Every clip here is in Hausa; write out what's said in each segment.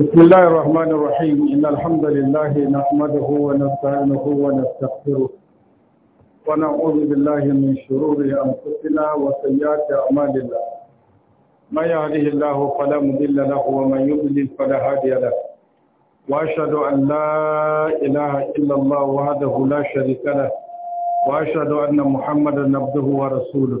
بسم الله الرحمن الرحيم إن الحمد لله نحمده ونستعينه ونستغفره ونعوذ بالله من شرور أنفسنا وسيئات أعمالنا ما يهده الله فلا مضل له ومن يضلل فلا هادي له وأشهد أن لا إله إلا الله وحده لا شريك له وأشهد أن محمدا عبده ورسوله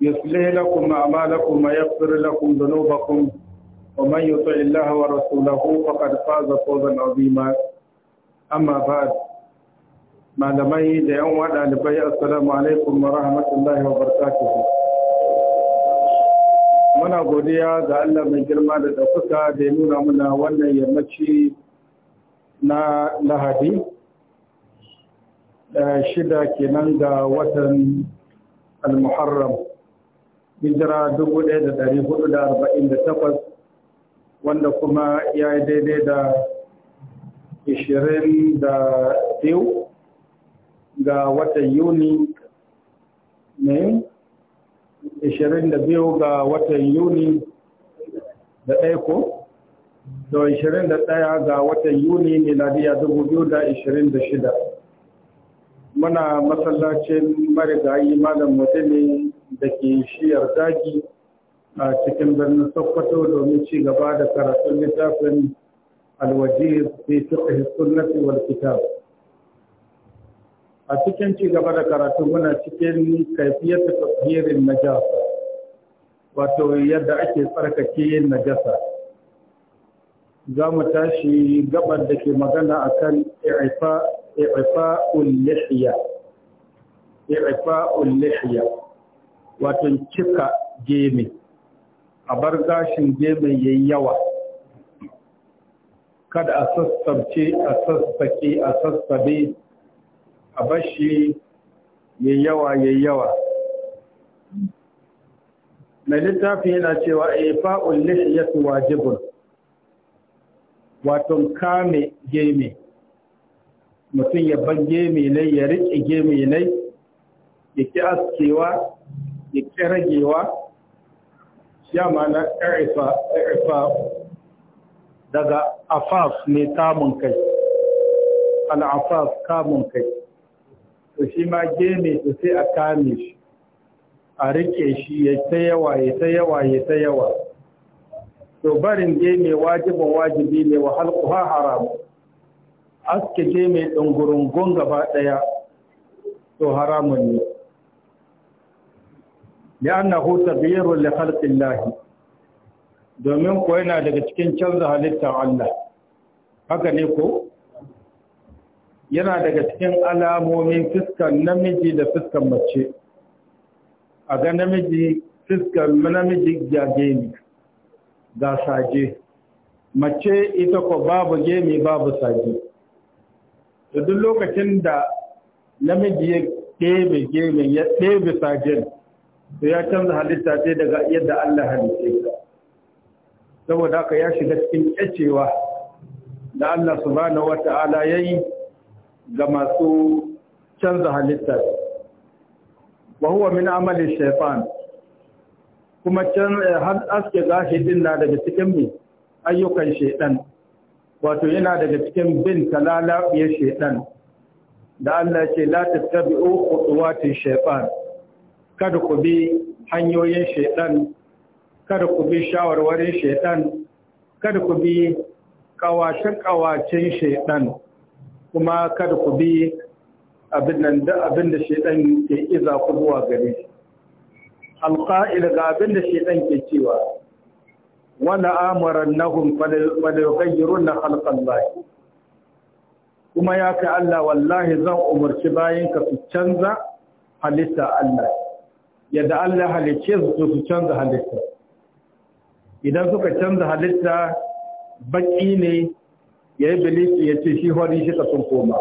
يصلح لكم أعمالكم ويغفر لكم ذنوبكم ومن يطع الله ورسوله فقد فاز فوزا عظيما أما بعد malamai da yan wada alibai assalamu alaikum wa rahmatullahi wa barakatuhu muna godiya ga Allah mai girma da ɗaukaka da ya nuna muna wannan yammaci na lahadi da shida kenan ga watan al hijira 1448 wanda kuma ya yi daidai da 22 ga watan yuni ne 22 ga watan yuni da ɗaya ko da 21 ga watan yuni miladiya 2026 muna masallacin marigayi malam ne. da ke shiyar zagi a cikin birnin Sokoto domin ci gaba da karatun littafin alwajir fi fiqh sunnati wal kitab a cikin ci gaba da karatu muna cikin kaifiyar tafiyarin najasa wato yadda ake tsarkake najasa za mu tashi gabar da ke magana akan i'fa i'fa ul lihiya i'fa ul lihiya wato cika geme a bar gashin geme yayi yawa kada a sassabce a sassake a sassabe a bashi yayi yawa yayi yawa mai littafi yana cewa ifa'ul eh, lihiyatu wajibun wato kame geme mutum ya bar geme ne ya riƙe geme ne ya ki askewa ya ta ragewa ya na ƙarfa daga afaf ne kamun kai al'afaf kamun kai to shi ma gene to sai a kame shi a rike shi ya ta yawa ya ta yawa ya ta yawa to barin gene wajibin wajibi ne wa halkuha haram aske gene ɗungurungun gaba ɗaya to haramun ne لأنه تغيير لخلق الله domin ko yana daga cikin canza halittar Allah haka ne ko yana daga cikin alamomin fiskan namiji da fiskan mace a ga namiji fiskan namiji jage gemi ga saje mace ita ko babu gemi babu saje da duk lokacin da namiji ya ɗebe gemi ya ɗebe sajen to ya canza halitta sai daga yadda Allah halitta ta saboda haka ya shiga cikin kyacewa da Allah subhanahu wata'ala yayi ga masu canza halitta wa huwa min amali shaytan kuma can eh, har aske gashi din na daga cikin ayyukan shaytan wato yana daga cikin bin talalabiyar shaytan da Allah ce la tattabi'u khutuwati shaytan kada ku bi hanyoyin shaidan kada ku bi shawarwarin shaidan kada ku bi kawacen-kawacen shaidan kuma kada ku bi abin da shaidan ke iza ku zuwa gare alƙa'il ga abin da shaidan ke cewa wani amuran nahun fadayogayyarun na halkan layi kuma ya kai Allah wallahi zan umarci bayan ka fi canza halitta Allah yadda Allah halicce su su canza halitta idan suka canza halitta baki ne ya yi bilisi ya ce shi hori shi sun koma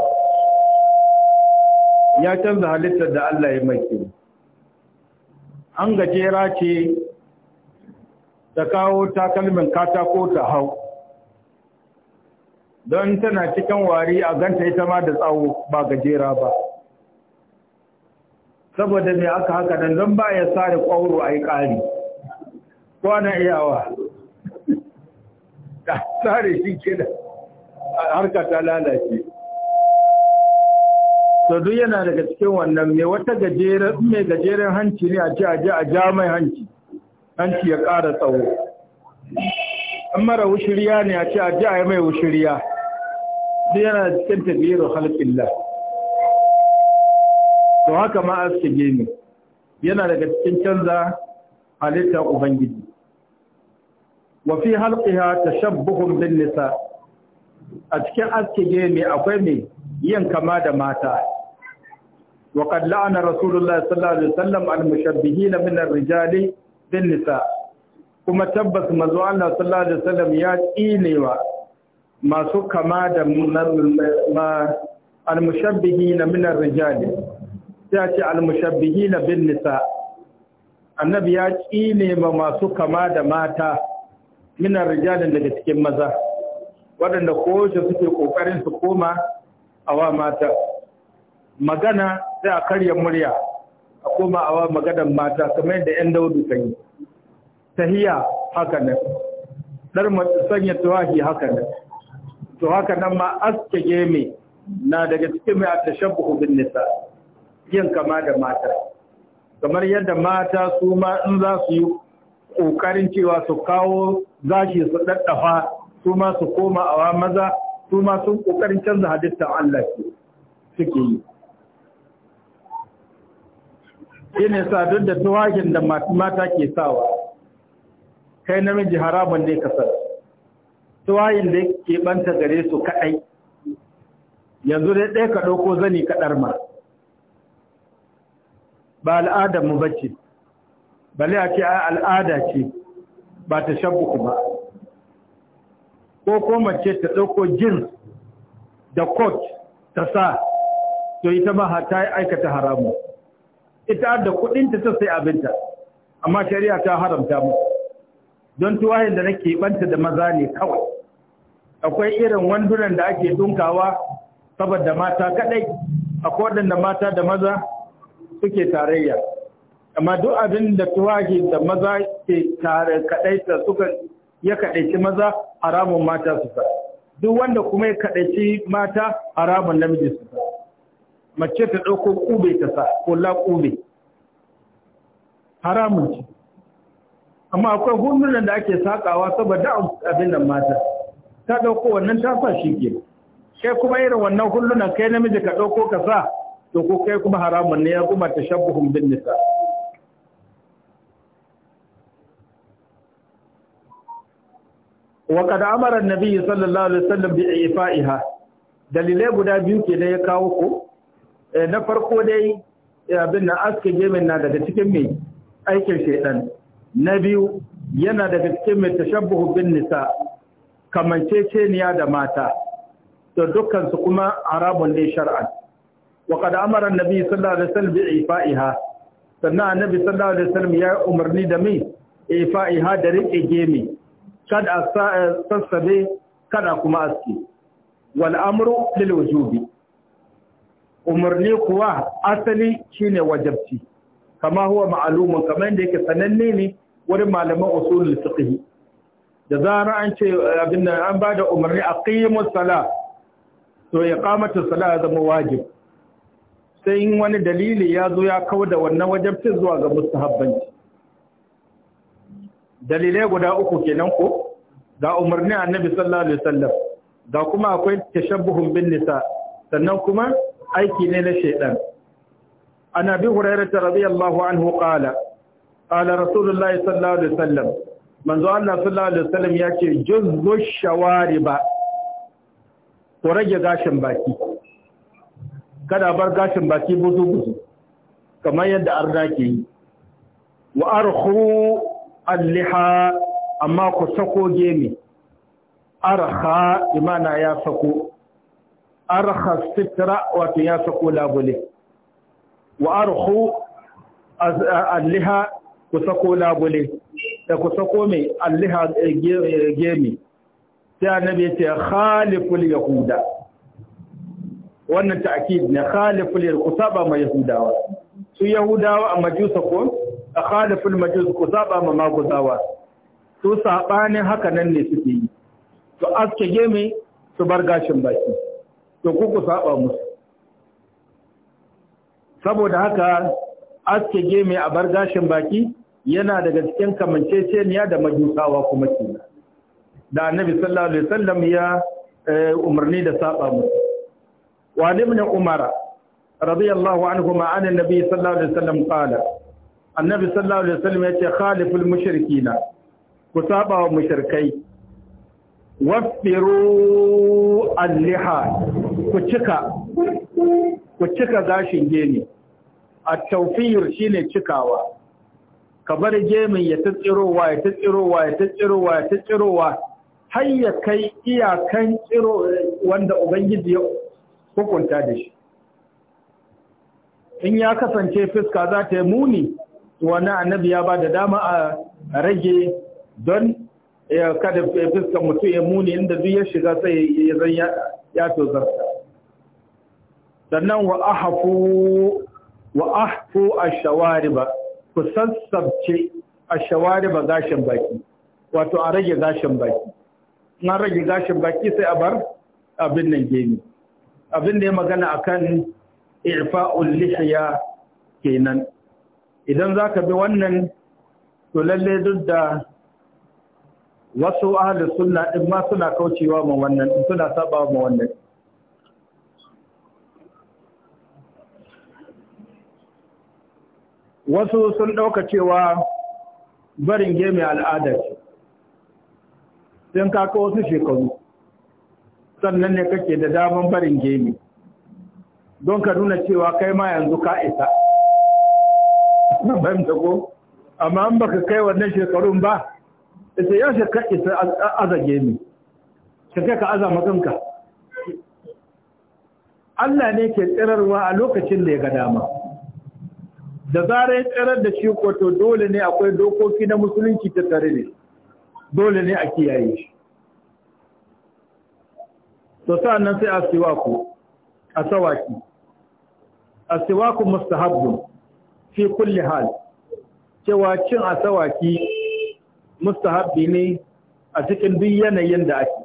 ya canza halittar da Allah ya maki an gajera ce ta kawo takalmin katako ta hau don tana cikin wari a ganta ita ma da tsawo ba gajera ba saboda zai aka haka nan don ba ya sare ƙwauro a yi ƙari ko na iyawa sare shi ke da harka ta lalace to duk yana daga cikin wannan mai wata gajeren hanci ne a ce a a ja mai hanci hanci ya ƙara tsawo an mara wushiriya ne a ce a a yi mai wushiriya duk yana cikin yi da lafi to haka ma aske gemu yana daga cikin canza halitta ubangiji wa fi halqiha tashabbuhum bin nisa a cikin aske gemu akwai ne yin kama da mata wa qad la'ana rasulullahi sallallahu alaihi wasallam al mushabbihin min ar-rijali bin nisa kuma tabbas manzo Allah sallallahu alaihi wasallam ya tsinewa masu kama da al mushabbihin min ar-rijali sai ce almushabbihi na bin nisa annabi ya ne ma masu kama da mata mina rijalin daga cikin maza waɗanda koshe suke ƙoƙarin su koma a wa mata magana sai a karya murya a koma a wa magana mata kamar yadda 'yan daudu kan yi tahiya haka nan ɗar sanya tuwahi haka nan to haka nan ma aske geme na daga cikin mai a tashabbuhu bin nisa yin kama da mata kamar yadda mata su ma in za su yi ƙoƙarin cewa su kawo zashi su ɗaɗɗafa su ma su koma awa maza su ma sun ƙoƙarin canza halittar Allah suke yi shi ne sa duk da tuwakin da mata ke sawa kai namiji haramun ne kasar tuwayin da ke banta gare su kaɗai yanzu dai ɗaya ka ɗauko zani kaɗar ma ba al'adar mu ce, bale a ce a al'ada ce ba ta shabbuku ba ko ko mace ta dauko jin da kot ta sa to ita ba ta aikata haramu ita da kudinta ta sai abinta amma shari'a ta haramta mu don tuwayen da nake banta da maza ne kawai akwai irin wandunan da ake dunkawa saboda mata kadai akwai wadanda mata da maza suke tarayya amma duk abin da tuwahi da maza ke tare kadaita suka ya kadaici maza haramun mata su sa duk wanda kuma ya kadaici mata haramun namiji su sa mace ta dauko kube ta sa ko la kube haramun ce amma akwai hundunan da ake sakawa saboda abin da mata ta dauko wannan ta sa shi ke kai kuma irin wannan hulluna kai namiji ka dauko ka sa to ko kai kuma haramun ne ya kuma tashabbuhum bin nisa wa kad amara annabi sallallahu alaihi wasallam bi ifaiha dalilai guda biyu ke da ya kawo ku? Eh, na farko dai eh, abin na aske gemin na daga cikin mai aikin shaidan na biyu yana daga cikin mai tashabbuhu bin nisa kamanceceniya da mata to dukkan su kuma arabun ne shar'an wa qad amara annabi sallallahu alaihi wasallam bi ifa'iha sannan annabi sallallahu alaihi wasallam ya umarni da mai ifa'iha da rike gemi kada sassabe kada kuma aski wal amru lil wujubi umarni kuwa asali shine wajabci kama huwa ma'lumun kamar da yake sananne ne wurin malaman usulul fiqh da zara an ce abin an bada umarni aqimus sala to iqamatu sala zama wajib sai in wani dalili ya zo ya kawo da wannan wajabcin zuwa ga mustahabbanci dalilai guda uku kenan ko ga umarni annabi sallallahu alaihi wasallam ga kuma akwai tashabbuhun bin nisa sannan kuma aiki ne na shaidan an abi hurairah radiyallahu anhu qala qala rasulullah sallallahu alaihi wasallam manzo Allah sallallahu alaihi wasallam yace juzzu shawariba ko rage gashin baki kada bar gashin baki buzu buzu kamar yadda arna ke yi wa arhu alliha amma ku sako gemi arha imana ya sako arha sitra wato ya sako labule wa arhu alliha ku sako labule da ku sako mai alliha eh, eh, gemi sai annabi ya ce khaliful yahuda wannan ta'kid ne khaliful lil qusaba ma yahudawa su yahudawa a majusa ko a khaliful majus qusaba ma maguzawa su sabanin haka nan ne suke yi to aske gemi, su bar gashin baki to ku ku saba musu saboda haka aske gemi, a bar gashin baki yana daga cikin kamanceceniya da majusawa kuma kenan da annabi sallallahu alaihi wasallam ya eh, umarni da saba musu وعن ابن عمر رضي الله عنهما عن النبي صلى الله عليه وسلم قال النبي صلى الله عليه وسلم يتي خالف المشركين كتابة ومشركي وفروا اللحى كتكا كتكا غاشن جيني التوفير شيني تشكاوا kabar gemin ya tsirowa ya tsirowa ya tsirowa ya tsirowa har ya kai iyakan tsiro wanda ubangiji ya hukunta da shi in ya kasance fuska za ta yi muni wani annabi ya ba da dama a rage don kada fuskar mutum ya muni inda duk ya shiga sai ya zan ya tozarta sannan wa ahafu wa ahfu ba, ku sassabce ba gashin baki wato a rage gashin baki na rage gashin baki sai a bar abin nan gemi abin da ya magana a kan irfa'ul lihiya kenan idan za ka bi wannan to lalle duk da wasu ahlus suna in ma suna kaucewa ma wannan suna saba ma wannan wasu sun ɗauka cewa barin gemi al'adar sun kaka wasu shekaru sannan ne kake da daman barin gemi don ka nuna cewa kai ma yanzu ka isa bayan ko amma an baka kai wannan shekarun ba ita ya ka isa aza gemi kai ka aza maganka Allah ne ke tsirarwa a lokacin da ya ga dama da zarar tsirar da shi ko to dole ne akwai dokoki na musulunci ta tare ne dole ne a kiyaye shi to sa'an nan sai a Asawaki asiwaku mustahabun fi kulli hal cewa cin asawaki mustahabbi ne a cikin duk yanayin da ake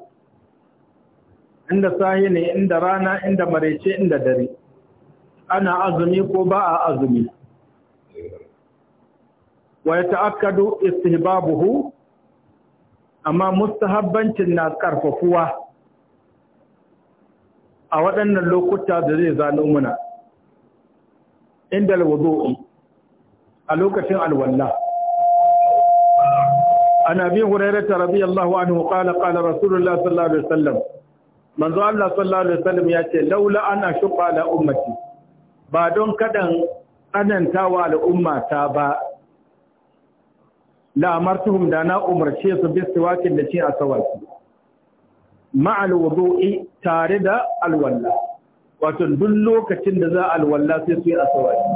inda sahi ne inda rana inda marece inda dare ana azumi ko ba a azumi wa ya ta'akkadu istihbabuhu amma mustahabbancin na karfafuwa a waɗannan lokuta da zai zano muna inda alwudu'i a lokacin alwalla an abi hurairata radiyallahu anhu qala qala rasulullah sallallahu alaihi wasallam manzo Allah sallallahu alaihi wasallam ya ce laula an ashqa ala ummati ba don kadan anantawa umma ta ba la amartuhum da na umarce su bi siwakin da ce asawaki ma'al wudu'i tare da alwalla wato duk lokacin da za alwalla sai su yi asawaki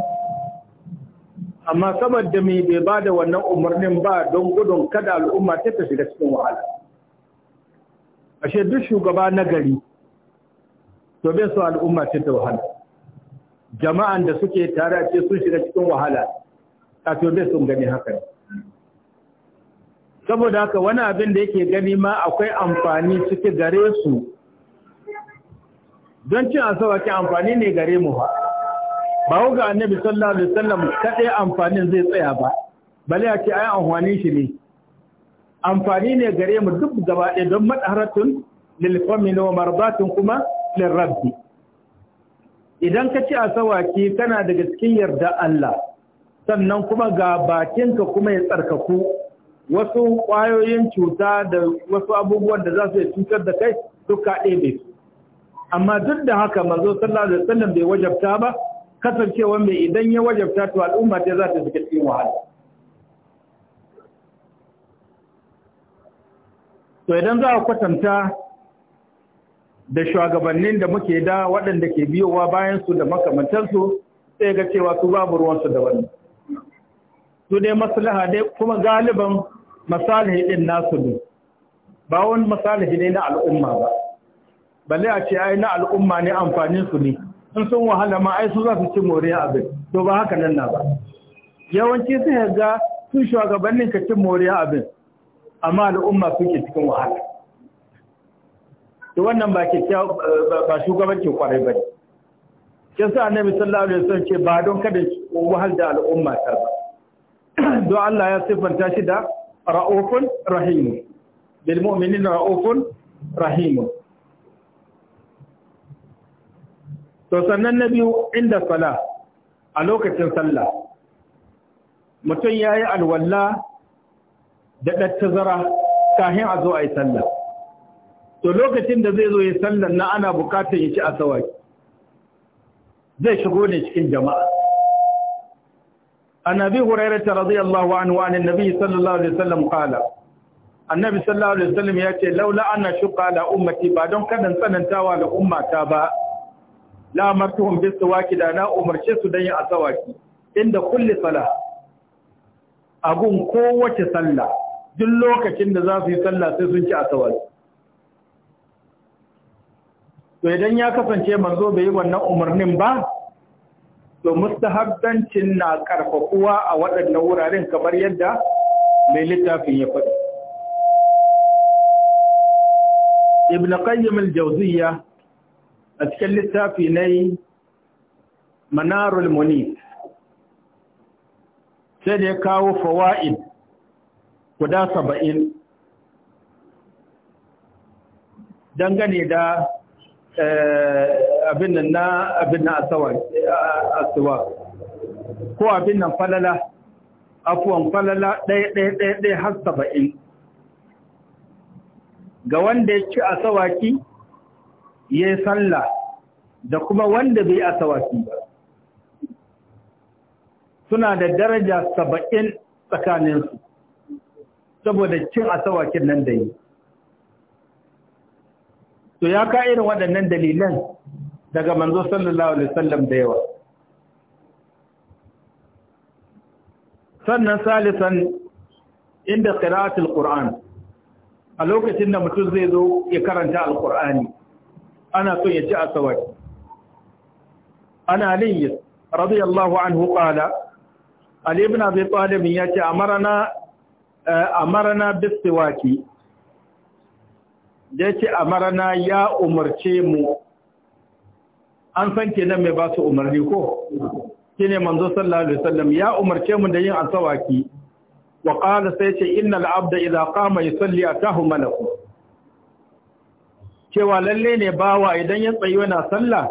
amma saboda mai bai ba da wannan umarnin ba don gudun kada al'umma ta ta shiga cikin wahala ashe duk shugaba na gari to bai so al'umma ta ta wahala jama'an da suke tare a ce sun shiga cikin wahala a to bai sun gani haka ne saboda haka wani abin da yake gani ma akwai amfani suke gare su don cin asawaki amfani ne gare mu ba ba ga annabi sallallahu alaihi wasallam kadai amfanin zai tsaya ba bale ya ce ai amfani shi ne amfani ne gare mu duk gaba ɗaya don madharatun lil qawmi wa marbatun kuma lil rabbi idan ka ci asawaki kana daga cikin yarda Allah sannan kuma ga bakinka kuma ya tsarkaku wasu ƙwayoyin cuta da wasu abubuwan da za su yi cutar da kai duka ɗebe su amma duk da haka manzo sallallahu da wasallam bai wajabta ba kasancewa mai idan ya wajabta to al'umma ta za ta shiga cikin wahala to idan za a kwatanta da shugabannin da muke da waɗanda ke biyowa bayansu su da makamantansu sai ga cewa su babu ruwansu da wannan su ne maslaha dai kuma galiban masalihi din nasu ne ba wani masalihi ne na al'umma ba balle a ce ai na al'umma ne amfanin su ne in sun wahala ma ai su za su ci moriya abin to ba haka nan na ba yawanci sai ga sun shugabannin ka cin moriya abin amma al'umma suke cikin wahala to wannan ba ke ba shugabanci kwarai ne kin sa annabi sallallahu alaihi wasallam ce ba don kada wahal da al'umma ta ba don Allah ya siffanta shi da ra'ufun rahimu bilmominin ra'ufun rahimu to sannan na biyu inda sala a lokacin sallah mutum ya yi alwalla da zara kahin a zo a yi sallah to lokacin da zai zo yi sallah na ana bukatar ya ci a sawaki zai shigo ne cikin jama'a عن أبي هريرة رضي الله عنه عن النبي صلى الله عليه وسلم قال النبي صلى الله عليه وسلم يأتي لولا أن أشق على أمتي بعدهم كان انتاوى لأمة تابا لا أمرتهم بالسواك دانا شيء سدني أسواك عند كل صلاة أقوم قوة صلاة جلوك lokacin da صلاة سيسنك أسواك sallah sai sun ci asawal to idan ya kasance manzo bai yi wannan umarnin ba to mustahabbancin na karfafuwa a waɗannan wuraren kamar yadda mai littafin ya faɗi ibn qayyim al-jawziyya a cikin littafi ne manarul munif sai da ya kawo fawa'id guda saba'in dangane da Eh, abin nan na abin na asawa ko abin nan falala afuwan falala ɗaya-ɗaya-ɗaya har saba'in ga wanda ya ci asawaki ya yi sallah da kuma wanda bai asawaki ba suna da daraja saba'in tsakaninsu saboda cin asawakin nan da yi to ya ka irin waɗannan dalilan daga manzo sallallahu alaihi wasallam da yawa sannan salisan inda qira'at alquran a lokacin da mutum zai zo ya karanta alqur'ani ana so ya ci asawai ana aliyu radiyallahu anhu qala ali ibn abi talib ya ce amarna eh, amarna bisiwaki da yake marana ya umarce mu an san kenan mai ba su umarni ko ne manzo sallallahu alaihi wasallam ya umarce mu da yin asawaki wa qala sai ce innal abda idza qama yusalli atahu malaku cewa lalle ne bawa idan ya tsayi yana sallah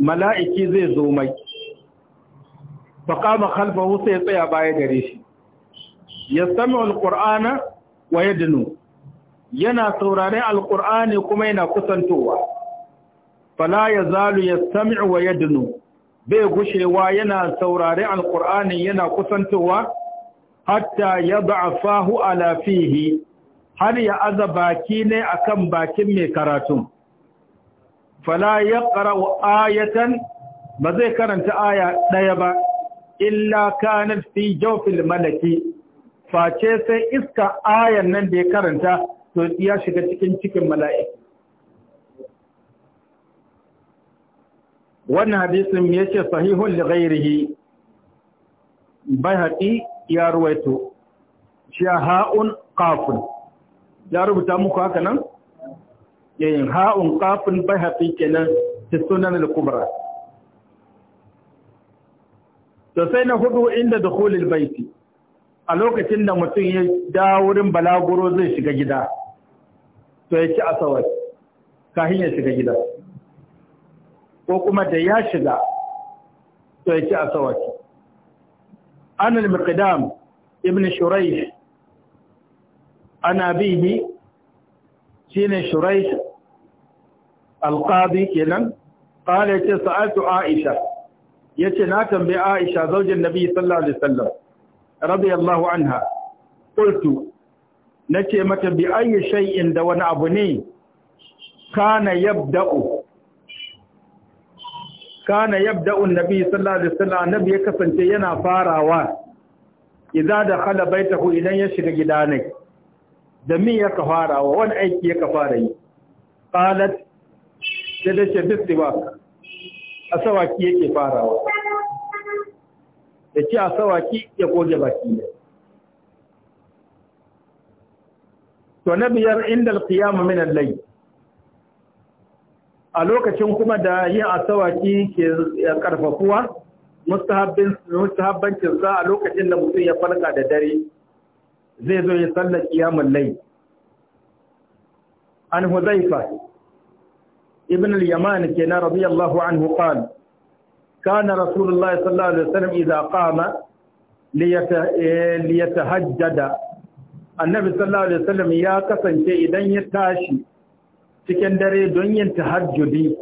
mala'iki zai zo mai fa qama khalfahu sai tsaya baya gare shi yastami'u alqur'ana wa yadnu yana saurare Alƙur'ani kuma yana kusantowa fala ya sami wa dunu bai gushewa yana saurare Alƙur'ani yana kusantowa hatta ya fahu ala fihi har ya aza baki ne akan bakin mai karatu. fala ya yaqra'u ayatan ba zai karanta aya ɗaya ba, illa kanar fi jaufil malaki, face sai iska ayan nan da ya karanta to ya shiga cikin cikin mala'iku wannan hadisin ya ce sahihun da gairihi bai haƙi ya ruwaito shi ha'un ƙafin ya rubuta muku haka nan? yayin ha'un ƙafin bai haƙi kenan ta sunan al-kubra sai na hudu inda da baiti a lokacin da mutum ya dawurin balaguro zai shiga gida to ya ci asawai kahin ya shiga gida ko kuma da ya shiga to ya ci asawai an al-miqdam ibn shuraih ana bihi shine shuraih al-qadi kenan qala yace sa'atu aisha yace na tambayi aisha zaujin nabi sallallahu alaihi wasallam radiyallahu anha qultu nace mata bi ayi shay'in da wani abu ne kana yabda'u kana yabda'u nabi sallallahu alaihi wasallam nabi ya kasance yana farawa idza dakhala baitahu idan ya shiga gidane da me ya farawa wani aiki ya fara yi qalat da dace bisbak asawaki yake farawa yace asawaki ya goge baki ne to na biyar inda alƙiyamu min allai a lokacin kuma da yin asawaki ke karfafuwa mustahabbancin sa a lokacin da mutum ya farka da dare zai zo ya sallar ƙiyamun lai an huzaifa ibn al-yaman kenan radiyallahu anhu qala kana rasulullahi sallallahu alaihi wasallam kama liyata hajjada. annabi sallallahu alaihi wasallam ya kasance idan ya tashi cikin dare don yin tahajjudi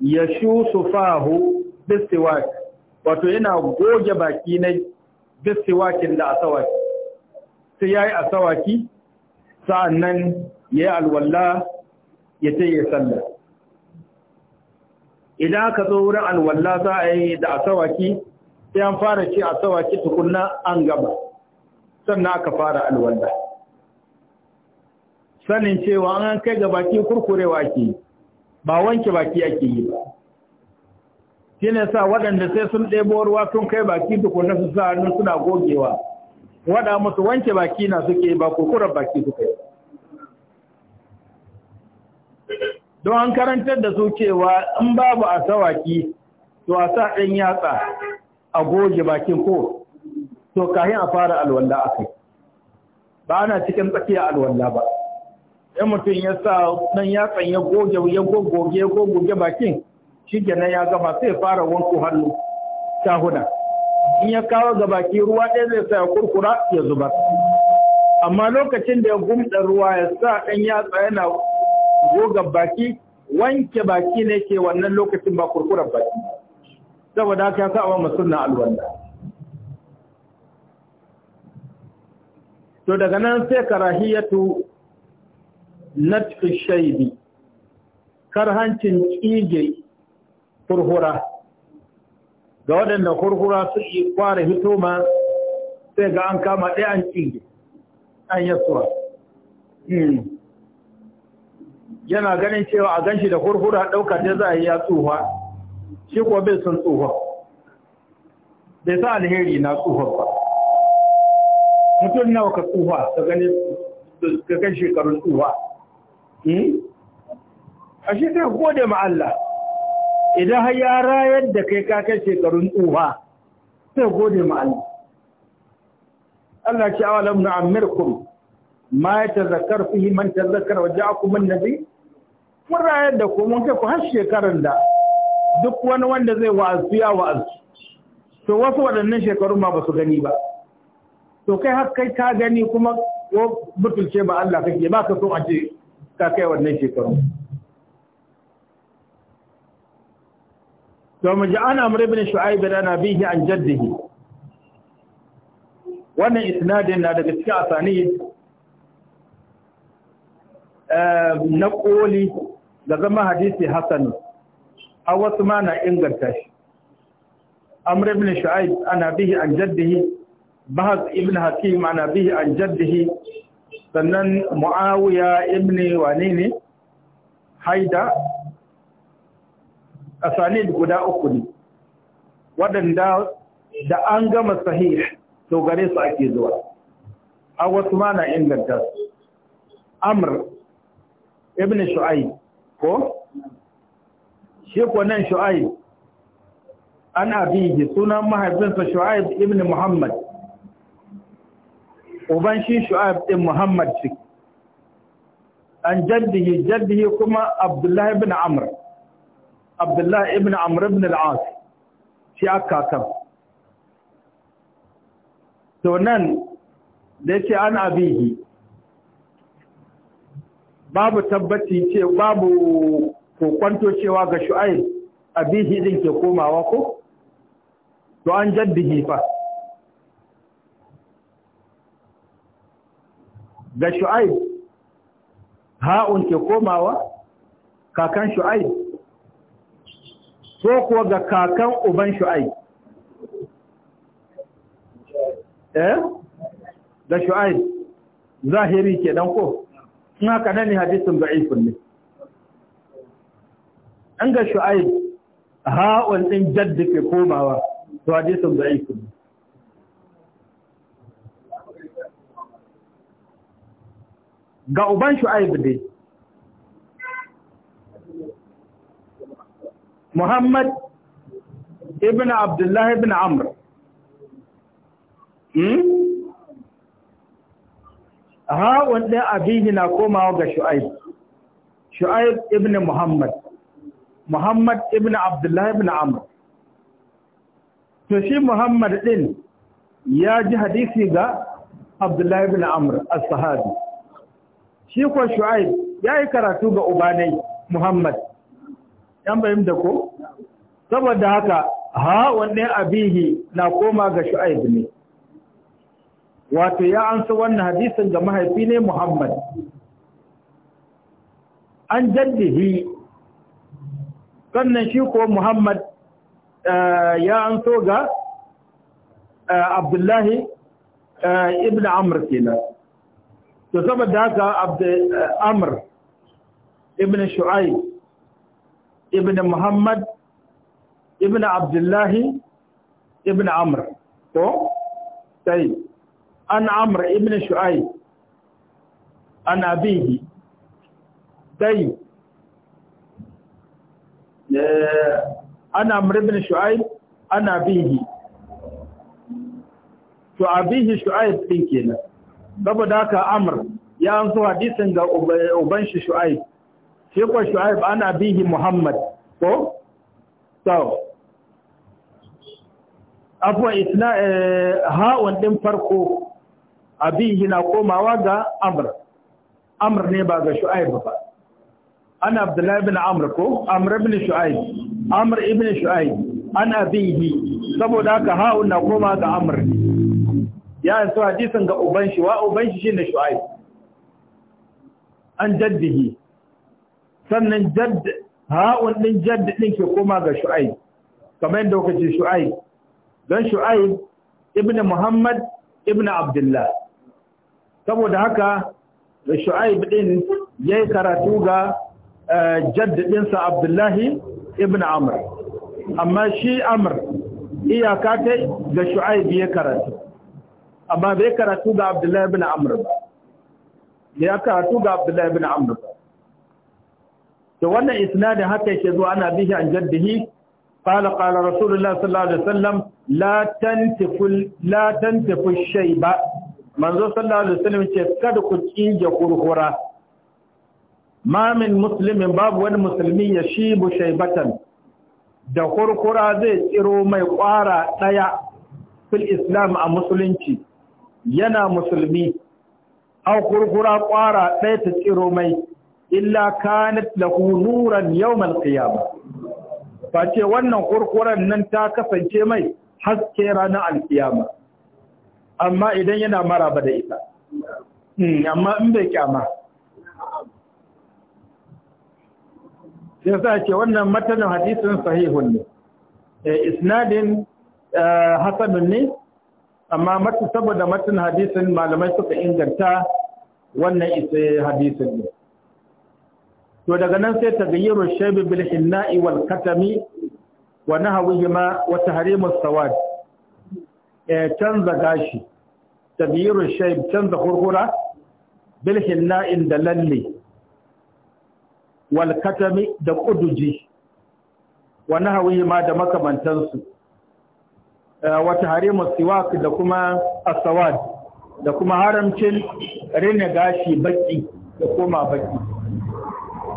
ya shusufahu bisiwak wato yana goge baki na bisiwakin da asawaki sai yayi asawaki sa'annan yayi alwala ya ce ya salla idan aka zo wurin alwala za a yi da asawaki sai an fara ce asawaki tukunna an gaba sannan aka fara alwanda. sanin cewa an kai ga baki kurkurewa ke ba wanke baki ake yi ba shine sa waɗanda sai sun ɗebo ruwa sun kai baki wanda su sa hannu suna gogewa waɗa musu wanke baki na suke ba kurkurar baki suka yi don an karantar da su cewa in babu asawaki, sawaki to a sa ɗan yatsa a goge bakin ko to kahin a fara alwala kai, ba ana cikin tsakiya alwala ba in mutum ya sa nan ya tsanya goge ya goge ya goge bakin shi kenan ya gama sai fara wanko hannu huda. in ya kawo ga baki ruwa ɗaya zai sa ya kurkura ya zubar amma lokacin da ya gumɗa ruwa ya sa ɗan yatsa yana goga baki wanke baki ne ke wannan lokacin ba kurkura baki saboda haka ya sa wa musulna alwala to daga nan sai karahiyatu natfi shaibi karhancin ƙige furhura ga waɗanda furhura su yi kware hitoma sai ga an kama ɗaya an ƙige an yasuwa hmm. yana ganin cewa a ganshi da furhura ɗauka ta za a yi ya shi ko bai sun tsuwa. bai sa alheri na tsufa ba mutum nawa ka tsufa ka gani ka kan shekarun tsufa hmm? a shekar gode ma Allah idan har ya rayar da kai ka kai shekarun tsufa sai gode ma Allah Allah ce awalam na amirkum ma ya zakar fi man waje wa man nabi mun rayar da ku mun kai ku har shekarun da duk wani wanda zai wa'azu ya wa'azu to wasu waɗannan shekarun ma ba su gani ba to kai har kai ka gani kuma ko butulce ba Allah kake ba ka so a ce ka kai wannan shekaru to mu ji ana amr ibn shu'aib da nabihi an jaddihi wannan isnadin na daga cikin asani eh, na koli daga mahadisi hasan a wasu ma na inganta shi amr ibn shu'aib ana bihi an jaddihi bahas ibn hakim ana bihi an jaddihi sannan mu'awiya ibn wane ne haida asanid guda uku ne waɗanda da an gama sahih to gare su ake zuwa a wasu ma na inganta amr ibn shu'ai ko shi ko nan shu'ai an abihi sunan mahaifinsa shu'aib ibn muhammad uban shi shu'ab ɗin muhammad ciki an jaddihi jaddihi kuma abdullahi ibn amr abdullahi ibn amr ibn al'as shi aka kan to nan da ce an abihi babu tabbaci ce babu kokwanto cewa ga shu'aib abihi din ke komawa ko to an jaddihi fa ga shu'aib ha'un ke komawa kakan shu'aib ko kuwa ga kakan uban shu'aib eh da shu'aib zahiri ke dan ko in haka nan ne hadisin da'ifun ne an ga shu'aib ha'un din jaddi ke komawa to hadisin da'ifun ne ga uban shu'aib dai Muhammad ibn Abdullah ibn Amr hmm ha wanda abihi na komawa ga shu'aib shu'aib ibn Muhammad Muhammad ibn Abdullah ibn Amr to shi Muhammad din ya ji hadisi ga Abdullah ibn Amr as-sahabi shi shu'aib ya yi karatu ga ubanai muhammad yan bayan da ko saboda haka ha wannan abihi na koma ga shu'aib ne wato ya ansa wannan hadisin ga mahaifi ne muhammad an jaddihi sannan shi ko muhammad eh, ya anso ga eh, abdullahi eh, ibn amr kenan to saboda haka abd amr ibn shu'aib ibn muhammad ibn abdullahi ibn amr to sai an amr ibn shu'aib an abihi sai ana amr ibn shu'aib an abihi to abihi shu'aib din kenan saboda haka amr ya amsa hadisin ga uban shi shu'aib shi ko shu'aib ana bihi muhammad ko so abu isna eh, ha'un din farko abihi na komawa ga amr amr ne ba ga shu'aib ba ana abdullahi ibn amr ko amr ibn shu'aib amr ibn shu'aib ana bihi saboda haka ha'un na komawa ga amr ya an hadisan hadisin ga uban shi wa uban shi shine shu'aib an jaddihi sannan jadd ha'un din jadd din ke koma ga shu'aib kamar yadda kuka ce shu'aib don shu'aib ibn muhammad ibn abdullah saboda haka da ɗin din yayi karatu ga eh, jadd ɗinsa abdullahi ibn amr amma shi amr iyaka ta ga shu'aib ya karatu amma bai karatu ga Abdullahi bin Amr ba Bai karatu ga Abdullahi bin Amr ba to wannan isnadin haka yake zuwa ana bihi an jaddihi قال قال رسول الله صلى الله عليه وسلم لا تنتف لا تنتف الشيبه منذ صلى الله عليه وسلم kada ku kinje kurkura ma min muslimin babu wani musulmi ya shibu shaibatan da kurkura zai tsiro mai kwara daya fil islam a musulunci yana musulmi aw kurkura kwara ɗaya ta tsiro mai illa kanat lahu nuran yawmal qiyama ce wannan kurkuran nan ta kasance mai haske ranar alkiyama amma idan yana maraba da ita hmm, amma in bai kyama yasa ce wannan matanin hadisin sahihun ne eh, isnadin eh, hasanun ne amma mata saboda matan hadisin malamai suka inganta wannan isa hadisin ne to daga nan sai tagayyaru shaybi bil hinna'i wal katami wa ma wa tahrimus sawad eh canza gashi tagayyaru shayb canza hurhura bil hinna'in da lalle wal katami da kuduji wa ma da makamantansu Eh, wata harimar siwak da kuma asawad da kuma haramcin rina gashi baki da koma baki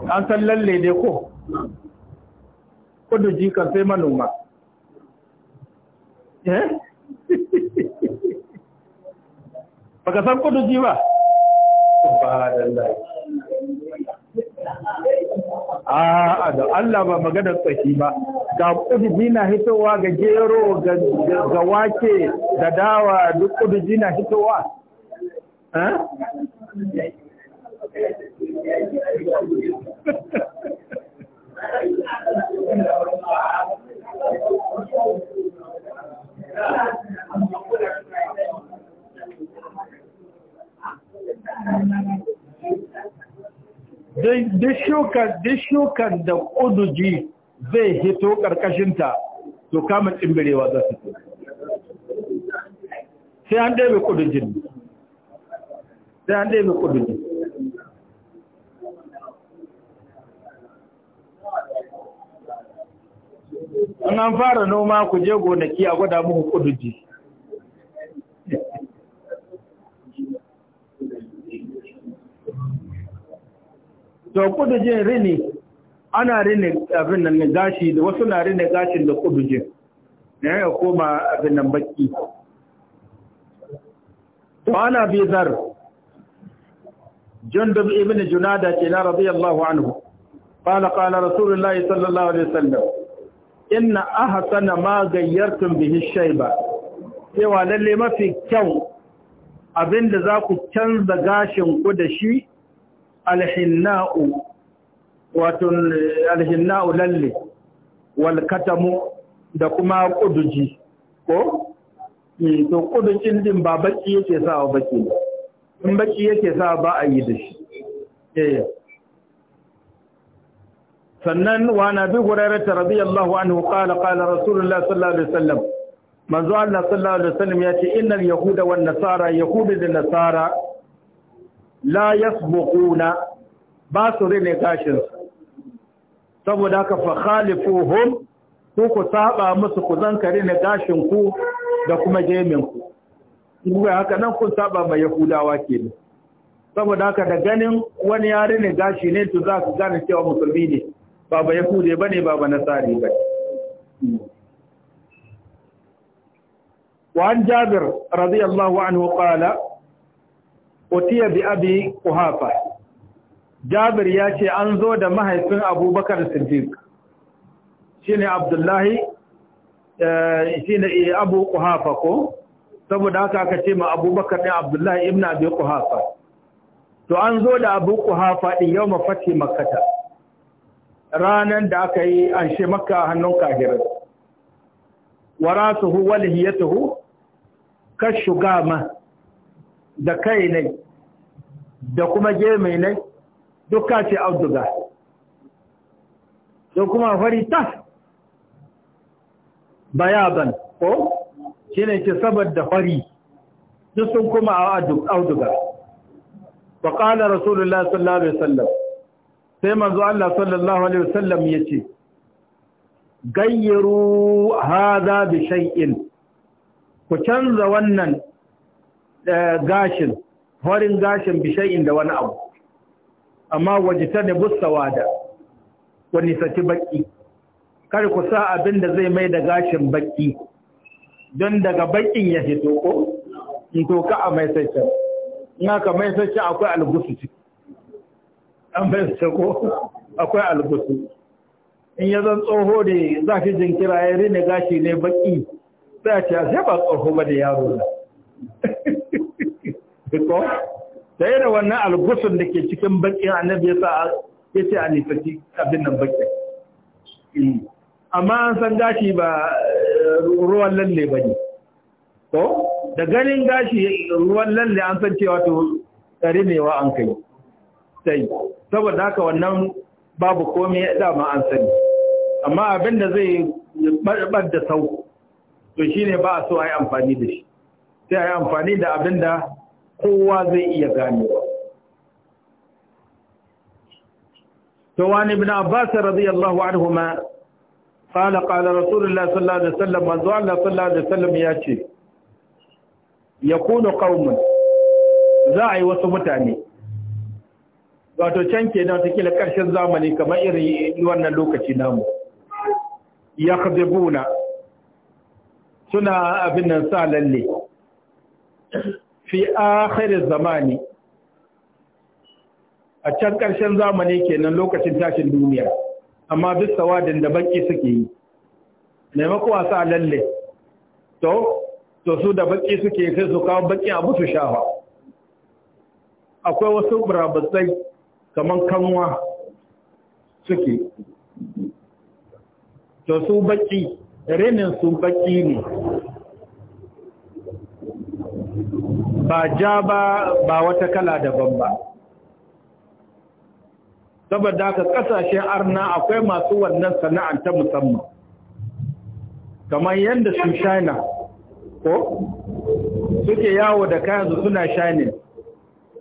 an san lalle dai ko kudu jikan sai manoma eh baka san kudu ji ba subhanallah a da Allah ba maganar tsaki ba ga kuduji na hitowa ga gero ga wake da dawa duk kuduji na hitowa Thank eh? you. duk shukan da ƙuduji zai hito ƙarƙashinta to kama ɗimbirewa za su sai an ɗaya mai ƙudujin sai an ɗaya mai ƙudujin An an fara noma ku je gonaki a gwada muku ƙuduji to kudujin rini ana rini abin nan gashi da wasu na rini gashin da kudujin ne eh, ya koma abin nan baki to ana bizar jundub ibn junada ce na radiyallahu anhu qala qala rasulullahi sallallahu alaihi wasallam inna ahsana ma gayyartum bihi shayba cewa lalle mafi kyau abinda za ku canza gashin ku da shi alhinna'u lalle wal da kuma ƙuduji ko eh, to ƙudujin din ba baki yake wa baki ne in baki yake sa ba a yi da shi eh sannan wa na bi nabi hurairah radiyallahu anhu kala-kala rasulullah sallallahu alaihi wasallam manzo Allah sallallahu alaihi wasallam ce innal yahuda wan nasara Yahuda da nasara la yasbuquna ba su rene gashinsu saboda ka fa khalifuhum ku ku saba musu ku zanka rene gashin ku da kuma gemin ku kuma haka nan kun saba ba yahudawa ne saboda ka da ganin wani ya rene gashi ne to za ku gane cewa musulmi ne ba ba yahude bane ba ba nasari ba. وعن جابر رضي الله عنه قال otiya bi abi kuhafa jabir ya ce an zo da mahaifin abubakar siddiq ne abdullahi eh, ne eh, abu kuhafa ko saboda haka aka ce ma abubakar ne abdullahi ibn abi kuhafa to an zo da abu kuhafa ɗin yau mafati makata ranar da aka yi an she maka hannun kahirar warasuhu walhiyatuhu gama da kai ne da kuma gemi ne duka ce auduga da kuma fari ta bayaban ko shi ne ke saboda fari duk sun kuma a auduga wa ƙala rasulullah sallallahu alaihi wasallam sai manzo Allah sallallahu alaihi wasallam ya ce gayyaru haza bi shay'in ku canza wannan Eh, gashin farin gashin bishayin da wani abu amma wajita da busawa da wani sati baki kar ku sa abin da zai mai da gashin baki don daga bakin ya hito ko in toka a mai sace in aka mai sace akwai algusu ci, an bai sace ko akwai algusu in ya zan tsoho da zafi jinkira ya rine gashi ne baki sai a ce sai ba tsoho ba da yaro na ko sai da wannan algusun da ke cikin bakin annabi ya ce a nifaci abin nan bakin hmm. amma an san gashi ba eh, ruwan lalle ba ne, ko da ganin gashi ruwan lalle an san cewa to rimewa an kai sai saboda haka wannan babu komai dama an sani amma abin da zai bar da sau to shine ba a so a yi amfani da shi sai a yi amfani da abin da kowa zai iya ganewa. Tawani ibn Abbas radiyallahu anhu ma qala qala Rasulullah sallallahu alaihi wasallam manzo Allah sallallahu alaihi wasallam ya ce yakunu qaumun za a yi wasu mutane wato can ke da take karshen zamani kamar irin wannan lokaci namu Ya yakhdibuna suna abin nan sa lalle fi akhirin zamani a can ƙarshen zamani kenan lokacin tashin duniya amma duk sawadin da baki suke yi maimako a lalle to to su da baki suke sai su kawo baki abu su shafa akwai wasu burabutsai kamar kanwa suke to su baki renin su baki ne ba ja ba ba wata kala daban ba saboda haka kasashen arna akwai masu wannan sana'an ta musamman kamar yadda su china ko suke yawo da kayan su suna shining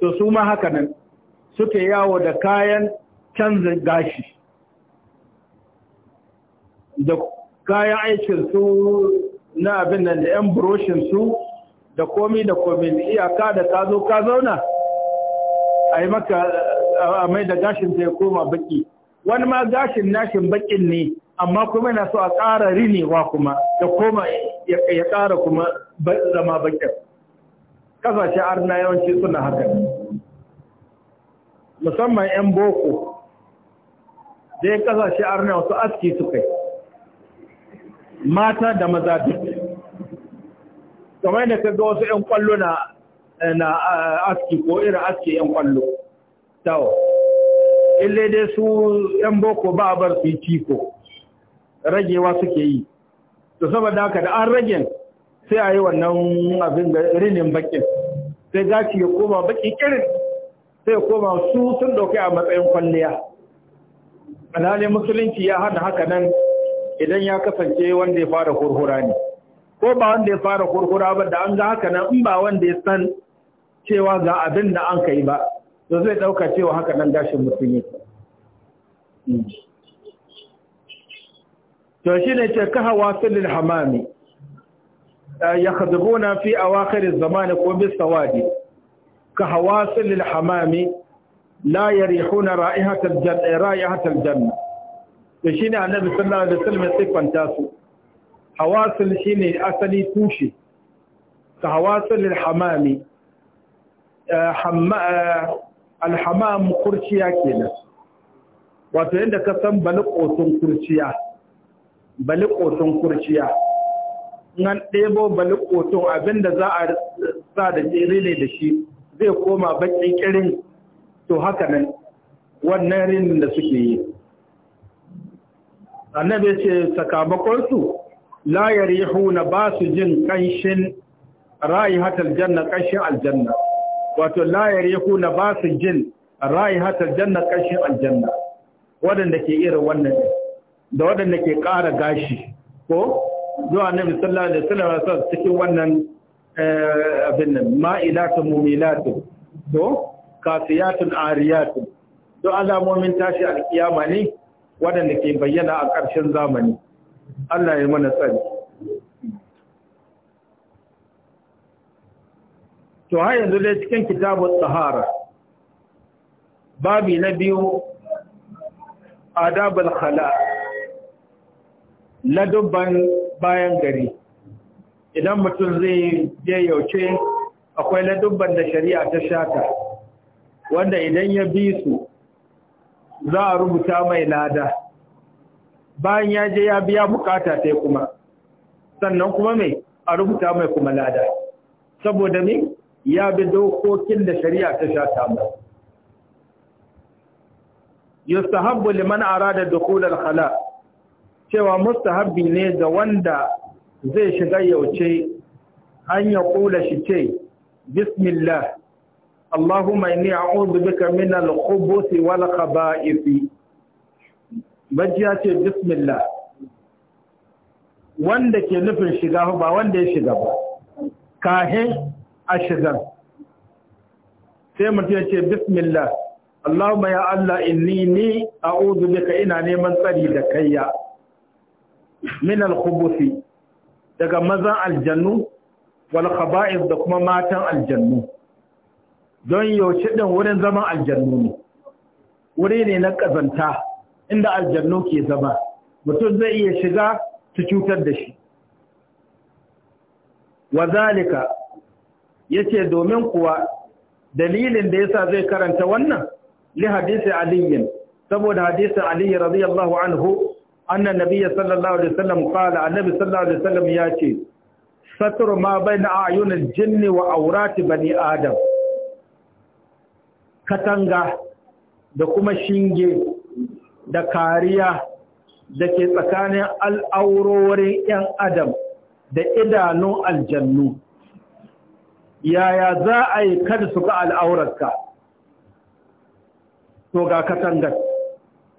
to su ma haka nan suke yawo da kayan canza gashi da kayan aikin su na abin da yan buroshin su da komi da komi iyaka da ka zo ka zauna a yi maka a mai da gashin ta ya koma baki wani ma gashin nashin bakin ne amma kuma yana so a ƙara rinewa kuma da koma ya ƙara kuma zama bakin kasashe arna yawanci suna haka musamman 'yan boko da ya kasashe arna wasu aski su kai mata da maza duk kamar da ka ga wasu 'yan kwallo na aski ko irin aski 'yan kwallo tawo illai dai su 'yan boko ba a bar su yi ciko ragewa suke yi to saboda haka da an ragen sai a yi wannan abin da rinin bakin sai gashi ya koma baki kirin sai koma su sun dauke a matsayin kwalliya alhalin musulunci ya hana haka nan idan ya kasance wanda ya fara hurhura ne ko ba wanda ya fara kurkura ba da an ga haka nan in ba wanda ya san cewa ga abin da an kai ba to zai dauka cewa haka nan gashin mutum ne. to shi ne ce hawa filin hamami ya khadubuna fi awakhir zamani ko bis sawadi hawa filin hamami la yarihuna ra'ihatal janna ra'ihatal janna to shi ne annabi sallallahu alaihi wasallam sai kwanta su hawasul ne asali tushe ka hawasul hamami eh, eh, alhamam kurciya ke nan. wato yadda ka san bali kurciya bali kurciya nan ɗebo bali abinda za a sa da ne da shi zai koma baƙin ƙirin to haka nan wannan rinin da suke yi annabi ce su. la na ba su jin kanshin hatar janna kanshin aljanna wato la na ba su jin hatar janna kanshin aljanna wadanda ke irin wannan da wadanda ke ƙara gashi ko zuwa nabi da alaihi wasallam cikin wannan abin nan ma'ilatun mumilatun to kasiyatun ariyatun to alamomin tashi alkiyama ne waɗanda ke bayyana a ƙarshen zamani Allah ya mana tsari to har yanzu dai cikin kitabun tsahara babi na biyu adabul khala ladubban bayan gari idan mutum zai je yauce akwai ladubban da shari'a ta shata wanda idan ya bi su za a rubuta mai lada bayan ya je ya biya bukata ta kuma sannan kuma mai a rubuta mai kuma lada saboda mai ya bi dokokin da shari'a ta sha samu yustahabbu liman arada dukhul al-khala cewa mustahabbi ne ga wanda zai shiga yauce an ya kula shi ce bismillah Allahumma inni a'udhu bika min al-khubuthi wal khaba'ith bacci ya ce bismillah wanda ke nufin shiga ba wanda ya shiga ba kahin a shigan. sai mutum ya ce bismillah Allahumma ya Allah inni ni a'udhu bika ina neman tsari da kayya min al daga mazan aljannu wal da kuma matan aljannu don yaushe din wurin zaman aljannu ne wuri ne na kazanta inda aljannu ke zama mutum zai iya shiga su cutar da shi wazalika yace domin kuwa dalilin da yasa zai karanta wannan li hadisi aliyin saboda hadisi ali radiyallahu anhu anna nabiyyi sallallahu alaihi wasallam qala annabi sallallahu alaihi wasallam yace satr ma baina ayunil jinni wa awrat bani adam katanga da kuma shinge da kariya da ke tsakanin al'aurorin ‘yan adam da idanun aljannu yaya za a yi kada su ga al'aurarka to ga katangar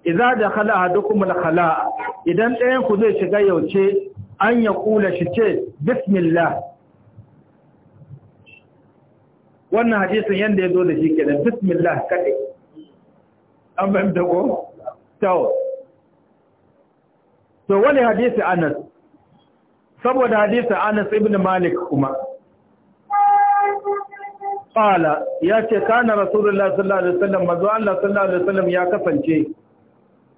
Iza da khala'a duk kuma khala'a idan ɗayan ku zai shiga yauce an ya kula shi ce bismillah wannan hadisun yadda ya zo da shi ke bismillah kaɗai an fahimta ko to to wani hadisi anas saboda hadisi anas ibn malik kuma qala ce kana rasulullahi sallallahu alaihi wasallam manzo Allah sallallahu alaihi wasallam ya kasance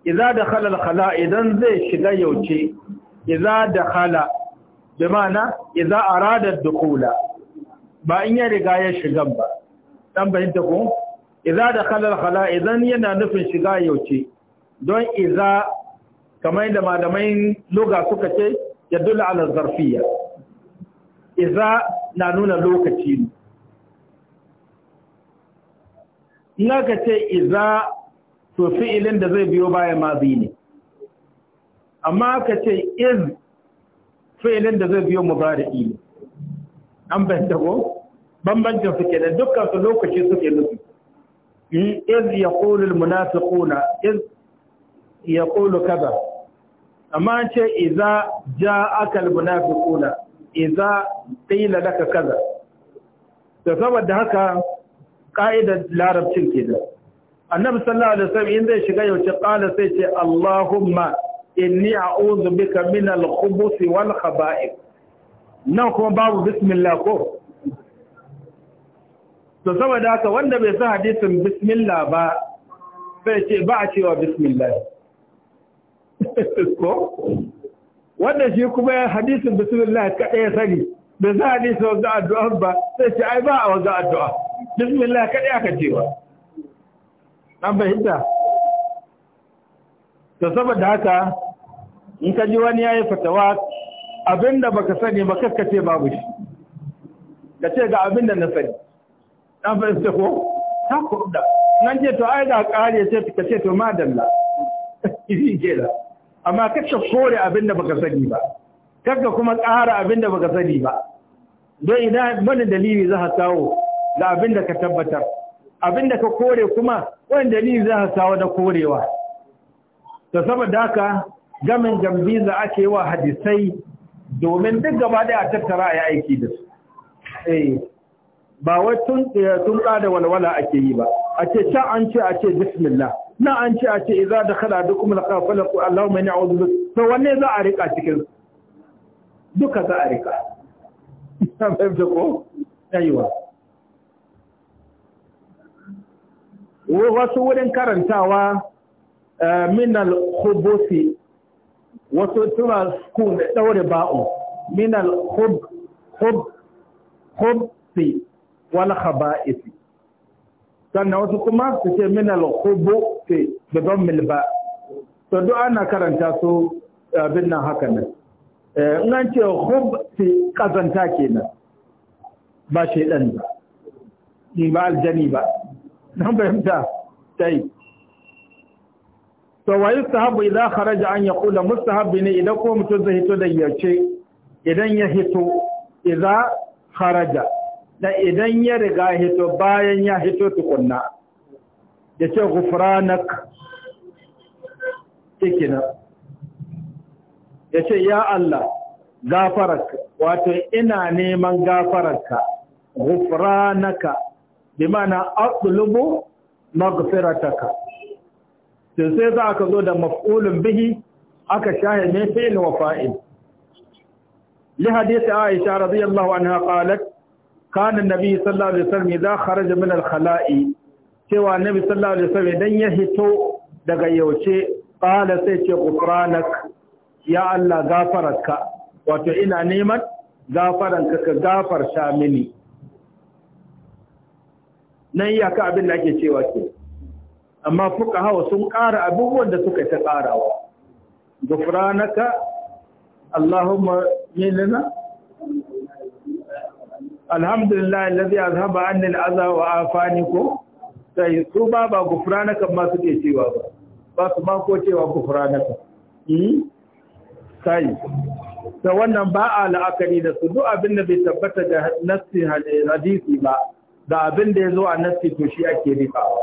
idza dakhala al-khala idan zai shiga yauce idza dakhala bimana idza arada ad-dukhula ba in ya riga ya shiga ba dan ta ko idza dakhala al-khala idan yana nufin shiga yauce don iza kamar yadda malamai loga suka ce ya dula ala zarfiya iza na nuna lokaci ne ina ka ce iza to fi'ilin da zai biyo bayan mazi ne amma ka ce iz fi'ilin da zai biyo mubari'i ne an banta ko bambancin suke da dukkan su lokaci suke nufi hmm, iz yaqulu al munafiquna iz ya ƙulu kaza amma ce iza ja aka almunafiquna iza ƙila daga kaza da saboda haka ƙa'idar larabcin da annabi sallallahu alaihi wasallam inda zai shiga yauce ƙala sai ce allahumma inni a'udhu bika min al-khubuthi wal khaba'ith nan kuma babu bismillah ko to saboda haka wanda bai san hadisin bismillah ba sai ce ba a cewa bismillah ko wanda shi kuma ya hadisin bismillah ka ya sani da za a nisa wanzu addu'a ba sai ce ai ba a wanzu addu'a bismillah kaɗai aka cewa an bahinta ta saboda haka in ka ji wani ya yi fatawa abinda baka sani ba kakkace babu shi ka ce ga abinda na sani an fahimta ko ta da nan ce to ai da ƙari ya ce ka ce to madalla shi ke da amma kakka kore abin baka sani ba kakka kuma ƙara abin da baka sani ba don idan wani dalili za ka kawo da abin ka tabbatar abin ka kore kuma wani dalili za ka kawo da korewa ta saboda haka gamin gambiza ake wa hadisai domin duk gaba da a tattara a yi aiki da su eh ba wai tun eh, tun da walwala ake yi ba a ce an ce a ce bismillah na an ce a ce idza dakhala dukum al-qafala qul allahu inni a'udhu bik to wanne za a rika cikin duka za a rika sai da ko aiwa wasu wurin karantawa eh, min al wasu tura school da daure ba'u min al-khub khub khubthi wal sannan wasu kuma su ce min hubu fi bi mil ba to duk ana karanta su abin nan haka nan eh, in an ce hub fi kazanta kenan ba shi shaidan ba ni ba aljani ba nan fahimta tai to wa yustahabu idza kharaja an yaqula mustahabbi ne idan ko mutum zai hito da yace idan ya hito idza kharaja da idan ya riga hito bayan ya hito tukunna da ce gufranak cikina ya ce ya Allah gafararka wato ina neman gafararka gufranaka bi mana aqlubu maghfirataka sai sai za ka zo da maf'ulun bihi aka shahe ne fi'il wa fa'il li ta Aisha radiyallahu anha qalat kan nabi sallallahu alaihi wasallam idza kharaja min al-khala'i cewa nabi sallallahu alaihi wasallam idan ya hito daga yauce qala sai ce qufranak ya Allah gafararka wato ina neman gafaranka ka gafarta mini nan ya ka abin da ake cewa ke amma fuka hawa sun ƙara abubuwan da suka ta ƙarawa gufranaka Allahumma minna alhamdulillah allazi azhaba anni al'aza wa afani ko sai su ba ba gufranaka ma suke cewa ba ba su ba ko cewa gufranaka eh sai da wannan ba a la'akari da su duk abin da bai tabbata da nassi hadisi ba da abin da ya zo a nassi to shi ake rikawa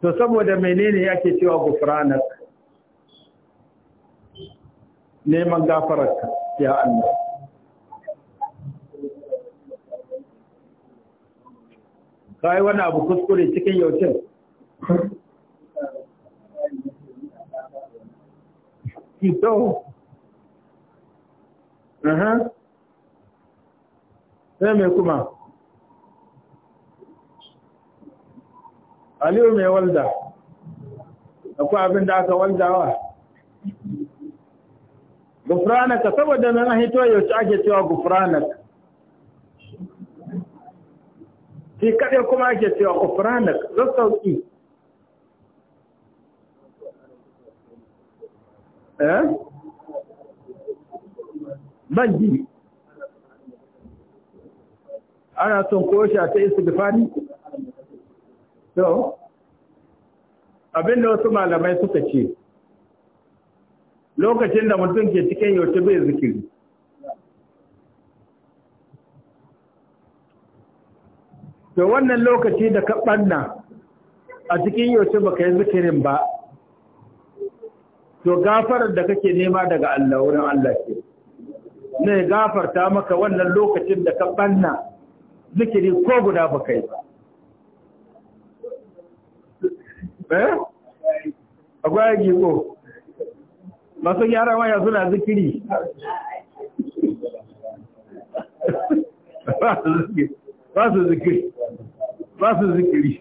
to saboda menene yake cewa gufranak neman gafararka ya Allah kai wani abu kuskure cikin yaucin Kito. aha sai mai kuma aliyu mai walda akwai abin da aka walda wa. gufranaka saboda na hito yauci ake cewa gufranaka sai kaɗai kuma ake cewa ofranak sassauƙi eh ban ji ana son kosha ta isa istighfari to abinda wasu malamai suka ce lokacin da mutum ke cikin ta bai zikiri to wannan lokaci da ka ɓanna a cikin yaushe baka yi zikirin ba to gafarar da kake nema daga Allah wurin Allah ce ne gafarta maka wannan lokacin da ka ɓanna zikiri ko guda baka yi ba eh akwai giko masu gyara waya suna zikiri ba su zikiri ba su zikiri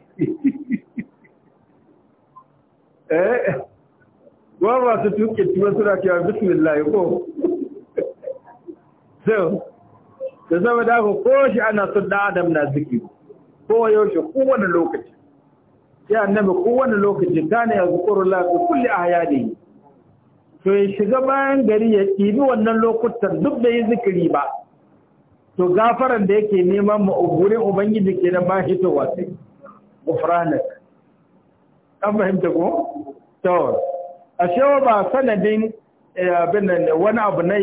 eh ba su tuke tuwa suna cewa bismillah ko so da zama da ku ko shi ana son da adam na zikiri ko yaushe wani lokaci ya annabi wani lokaci kana ya zukurullah fi kulli ahyani to ya shiga bayan gari ya ɗibi wannan lokutan duk da yi zikiri ba to gafaran da yake neman ma gurin ubangiji ke da ba shi to wasu gufranak an fahimta ko to shewa ba sanadin eh, wani abu na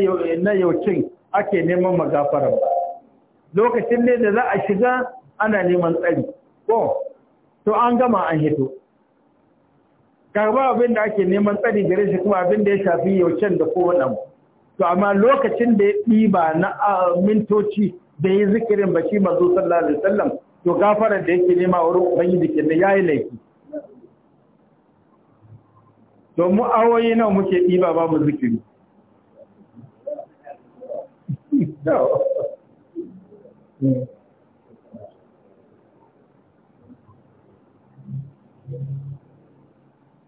yaucin ake neman magafaran ba lokacin ne da za a shiga ana neman tsari ko to an gama an hito karba abin da ake neman tsari gare shi kuma abin da ya shafi yaucin da kowane abu to amma lokacin da ya ɗiba na mintoci da yi zikirin ba shi mazu sallallahu alaihi wasallam to gafarar da yake nema wurin ubangiji ya yayi laifi to mu awoyi nawa muke ɗiba babu zikiri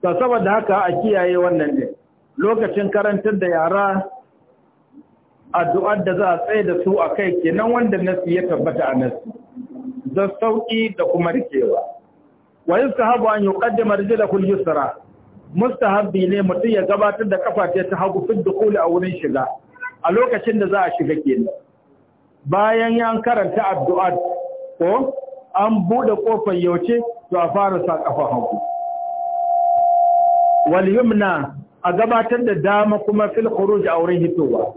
ta saboda haka a kiyaye wannan ne lokacin karantar da yara addu'ar da za a tsaye da su a kai kenan wanda nasi ya tabbata a nasi da sauƙi da kuma rikewa wa yi sahabu an yi ƙaddama da kul yusra mustahabi ne mutum ya gabatar da kafa ta hagu fit da kuli a wurin shiga a lokacin da za a shiga kenan bayan ya karanta addu'ar ko an buɗe ƙofar yauce to a fara sa ƙafa hagu wal yumna a gabatar da dama kuma fil khuruj a wurin hitowa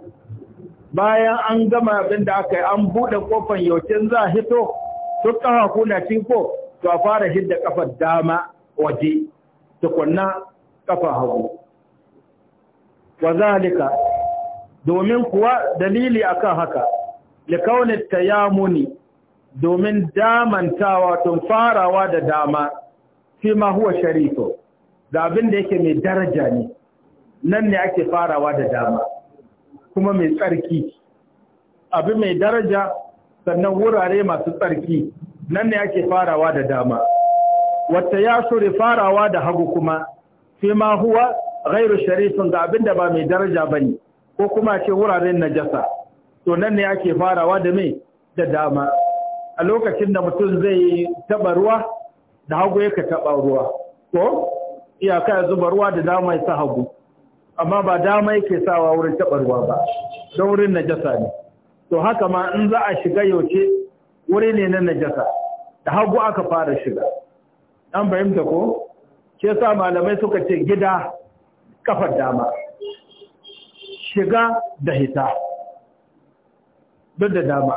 bayan an gama abin da aka yi an buɗe ƙofan yaucin za a hito su ƙafa kuna ko, to a fara hidda ƙafar dama waje tukunna ƙafa hagu wa domin kuwa dalili akan haka likaunin muni domin damantawa tun farawa da dama fi ma huwa sharifo da abin da yake mai daraja ne nan ne ake farawa da dama kuma mai tsarki abu mai daraja sannan wurare masu tsarki nan ne ake farawa da dama wata ya shuri farawa da hagu kuma fi ma huwa gairu sharifin ga abin da ba mai daraja ba ne, ko kuma ce wuraren najasa to nan ne ake farawa da mai da dama a lokacin da mutum zai taba ruwa da hagu yake taba ruwa ko iyaka ya zuba ruwa da dama ya sa hagu amma ba dama yake sawa wurin taɓarwa ba don wurin najasa ne to haka ma in za a shiga yauce wuri ne na najasa da hagu aka fara shiga an fahimta ko ke sa malamai suka ce gida kafar dama shiga da hita duk da dama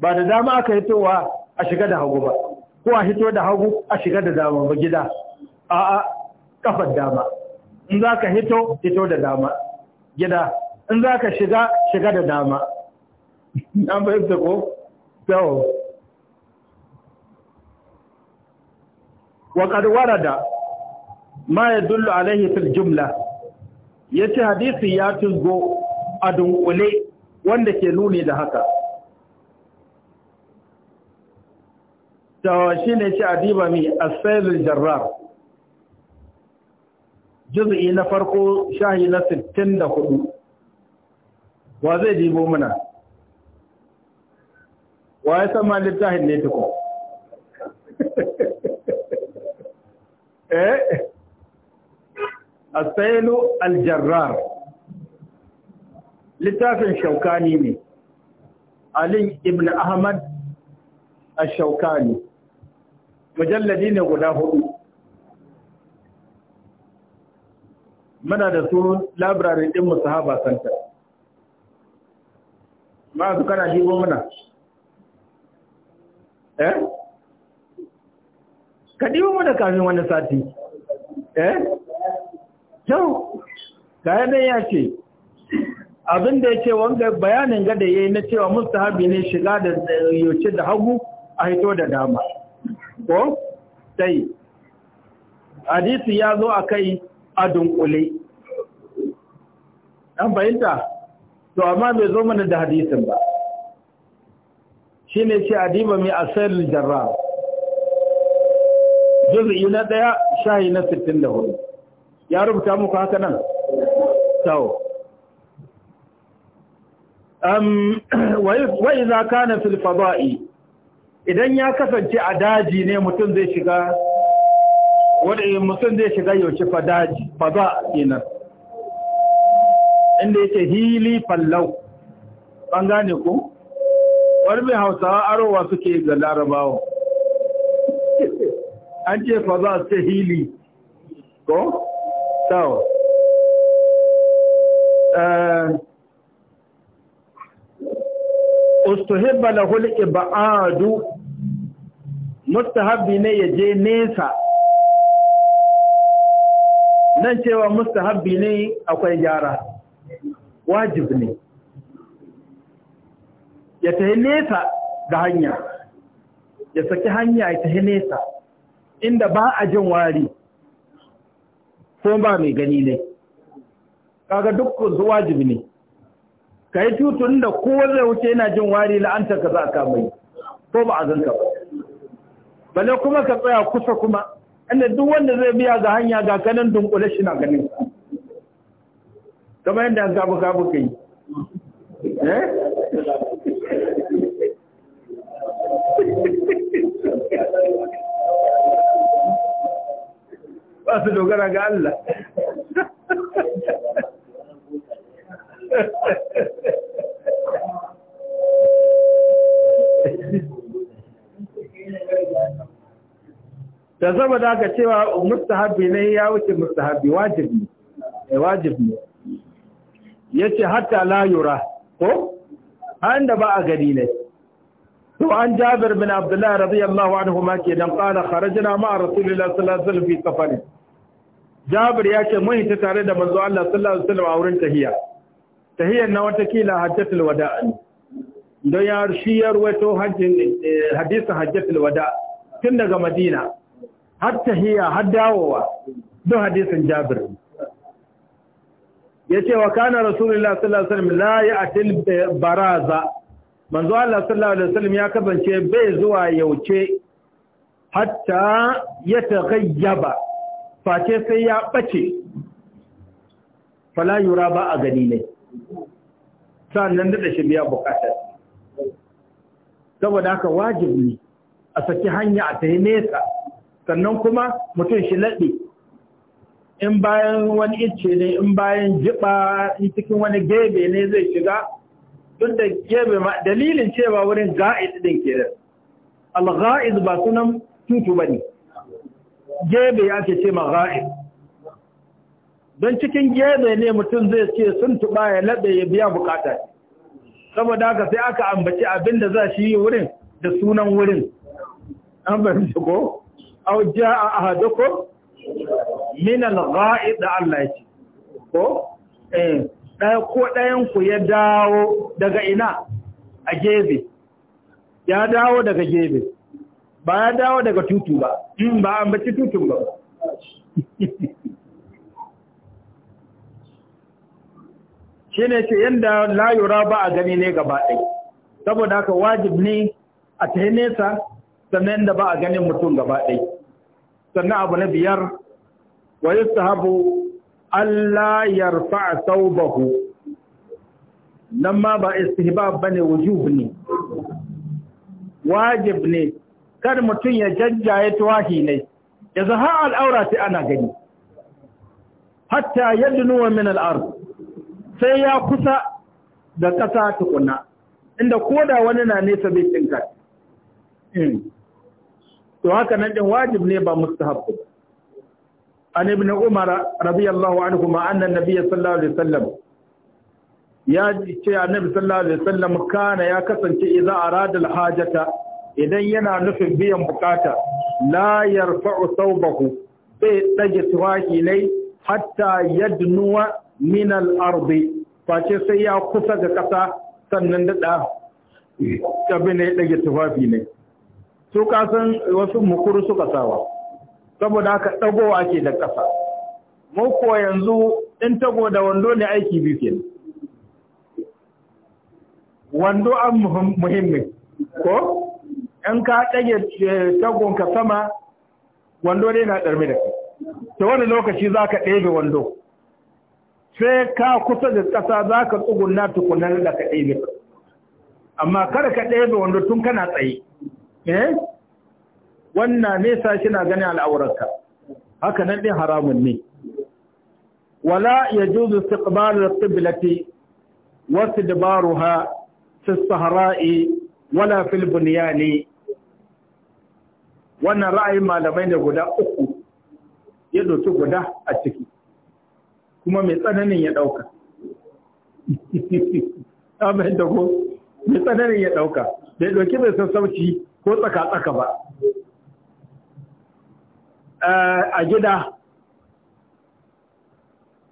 ba da dama aka hitowa a shiga da hagu ba ko a hito da hagu a shiga da dama ba gida a a kafar dama in za ka hito hito da dama gida in za ka shiga shiga da dama an fahimta ko? yau waƙar warada ma ya dullu alaihi fil jumla ya ce hadisi ya tuzgo a dunkule wanda ke nuni da haka ta shi ne ce adiba mi asailul jarrar juz'i na farko shahi na 64 wa zai dibo muna wa ya sama littafin ne tukun eh asailu aljarrar littafin shaukani ne Ali ibn Ahmad a shaukani mujalladi ne guda hudu muna da su labirarin ɗin musahaba santa ma su kana shi muna eh ka ɗiwa mu da kafin wani sati eh kyau ga yadda ya ce abin da ya ce wanda bayanin gada ya yi na cewa musahabi ne shiga da yoce da hagu a haito da dama ko sai hadisi ya zo a kai a dunkule an fahimta to amma bai zo mana da hadisin ba shi ne ce adiba mai asirin jarra juzi na ɗaya shahi na 64 ya rubuta muku haka nan ka wa'iza kana filfaba'i idan ya kasance a daji ne mutum zai shiga wanda mutum zai shiga yauci fadaji faza kenan inda yake hili fallau an gane ku wani mai hausawa arowa suke ga larabawa an ce faza ce hili ko? tawo eh, ustuhibba lahul ibadu mustahabbi ne ya je nesa nan cewa mustahabbi ne akwai gyara wajib ne ya tahi nesa da hanya ya saki hanya ya tahi nesa inda ba a jin wari ko ba mai gani ne kaga dukkan su wajib ne ka yi tutun da kowa zai wuce yana jin wari la'anta ka za ka mai ko ba a zanka ba balle kuma ka tsaya kusa kuma inda duk wanda zai biya ga hanya ga kanan dunkule shi na ganin sa kamar yadda an gabu buka yi eh? ba su dogara ga Allah da saboda aka cewa mustahabi ne ya wuce mustahabi wajibi ne eh, wajibi ne yace hatta la yura ko an da ba a gani ne to an Jabir bin Abdullah radiyallahu anhu ma ke dan qala kharajna ma Rasulullah sallallahu alaihi wasallam fi safar Jabir yace mun hita tare da manzo Allah sallallahu alaihi wasallam a wurin tahiyya tahiyyar na wata kila hajjatul wada'a don ya shiyar wato hajjin eh, hadisin hajjatul wada'a tun daga Madina har tahiya har dawowa don hadisin jabir ya ce wa kana rasulullah sallallahu alaihi wasallam la ya'til baraza manzo Allah sallallahu alaihi wasallam ya kabance bai zuwa yauce hatta ya taghayyaba face sai ya bace fala yura ba a gani ne sannan da shi biya bukatar saboda haka wajibi a saki hanya a tayi nesa sannan kuma mutum shi laɗe in bayan wani ice ne in bayan jiɓa in cikin wani gebe ne zai shiga duk da gebe ma dalilin cewa wurin ga'id ɗin ke da al ba sunan tutu ba ne gebe ya ce ce ma ga'id don cikin gebe ne mutum zai ce sun tuɓa ya laɗe ya biya bukata saboda haka sai aka ambaci abin da za shi yi wurin da sunan wurin an bari ko aw jaa ahadukum min al-gha'id Allah yake ko eh ɗaya ko ɗayan ku ya dawo daga ina a gebe ya dawo daga gebe ba ya dawo daga tutu ba in hmm, ba an baci tutun ba shi ne ce yadda layura ba a gani ne gaba ɗaya? saboda haka wajib ne a ta nesa sannan da ba a ganin mutum gaba ɗaya. sannan abu na biyar wa yustahabu alla yarfa thawbahu nan ma ba istihbab bane wujub ne wajib ne kar mutum ya jajjaye tuwahi ne ya zaha al'aura sai ana gani hatta yadnuwa min al'ard sai ya kusa da ƙasa tukuna inda koda wani na nesa bai tsinka hmm. to haka nan din wajib ne ba mustahab ba an ibn umar radiyallahu anhu ma anna nabiy sallallahu alaihi wasallam ya ce annabi sallallahu alaihi wasallam kana ya kasance idza arada alhajata idan yana nufin biyan bukata la yarfa'u thawbahu sai dage tuwaki ne hatta yadnuwa min al-ardi face sai ya kusa ga kasa sannan da da dada kabine dage tufafi ne su kasan wasu mukuru suka sawa saboda haka ɗagowa ake da ƙasa mu ko yanzu in tago da wando ne aiki biyu ke wando an muhimmi ko in ka eh, tagon ka sama wando ne na ɗarmi da kai ta wani lokaci za ka ɗebe wando sai ka kusa da ƙasa za ka tsugunna tukunan da ka ɗebe amma kada ka ɗebe wando tun kana tsaye eh wannan ne sa na ganin al'aurarka haka nan din haramun ne wala yajuzu istiqbal al-qiblati wa tidbaruha fi as-sahra'i wala al bunyani wannan ra'ayin malamai ne guda uku ya doki guda a ciki kuma mai tsananin ya dauka amma da ko mai tsananin ya dauka da doki mai sassauci ko tsaka-tsaka ba eh, a gida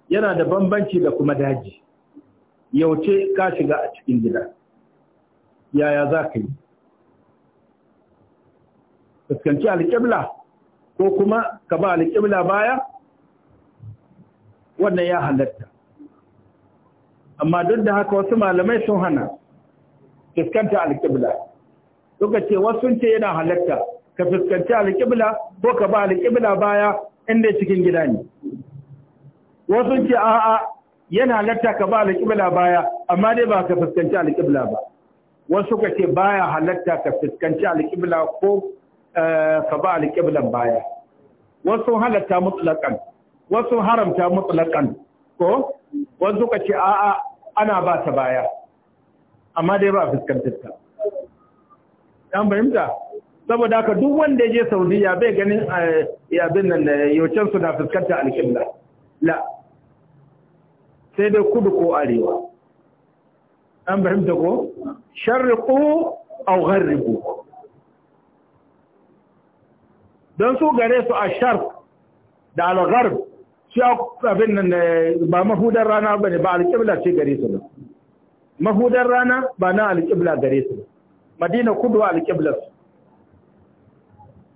yana da bambanci da kuma daji yauce ka shiga a cikin gida yaya za ka yi fuskanci alƙibla ko kuma ka ba alƙibla baya wannan ya halatta amma duk da haka wasu malamai sun hana fuskanta alƙibla suka ce wasu ce yana halatta ka fuskanci alƙibla ko ka ba alƙibla baya inda cikin gida ne wasu ce a'a yana halatta ka ba alƙibla baya amma dai ba ka fuskanci alƙibla ba wasu ka ce baya halatta ka fuskanci alƙibla ko eh, ka ba alƙiblan baya wasu halatta mutlaƙan wasu haramta mutlaƙan ko wasu ka ce a'a ana ba ta baya amma dai ba fuskantar ta Yan fahimta saboda haka duk wanda ya je saudiya bai ganin eh, yabin nan da eh, yaucen su na fuskanta alƙibla la sai dai kudu ko arewa an fahimta ko sharriqu aw gharribu don su gare su a sharq da al-gharb shi abin nan eh, ba mahudar rana bane ba alƙibla ce gare su ba mahudar rana ba na alƙibla gare su ba madina kudu alƙiblas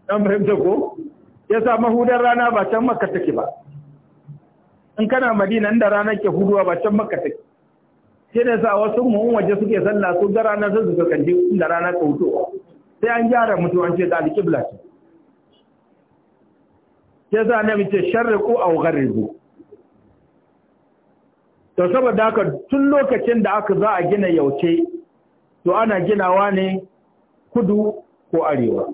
ɗan fahimta ko ya sa mahudar rana ba can maka take ba in kana madina inda rana ke huduwa ba can maka take sai da sa wasu muhun waje suke sallah su ga rana sun su kan inda rana ta hutowa sai an gyara mutu an ce da alƙibla ce sai sa na mace sharriku aw gharribu to saboda haka tun lokacin da aka za a gina yauce to ana ginawa ne kudu ko arewa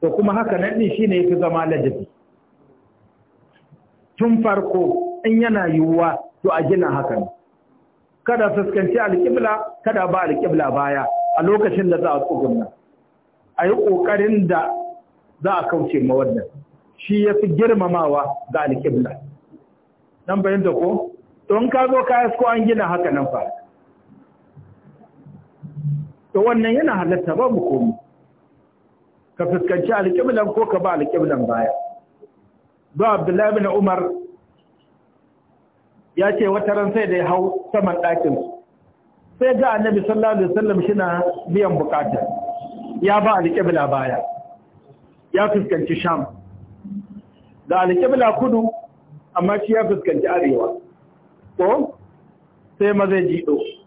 to kuma haka nan ne shine yake zama ladabi tun farko in yana yiwuwa to a gina haka ne kada fuskanci alƙibla kada ba alƙibla baya a lokacin da za a tsugunna a yi ƙoƙarin da za a kauce ma wannan shi ya fi girmamawa ga alƙibla nan bayan da ko don ka zo ka yasko an gina haka nan fa to wannan yana halatta babu komi ka fuskanci alƙiblan ko ka ba alƙiblan baya ba abdullahi bin umar ya ce wata ran sai da ya hau saman ɗakin sai ga annabi sallallahu alaihi wasallam shina biyan bukata ya ba alƙibla baya ya fuskanci sham da alƙibla kudu amma shi ya fuskanci arewa ko sai maza jiɗo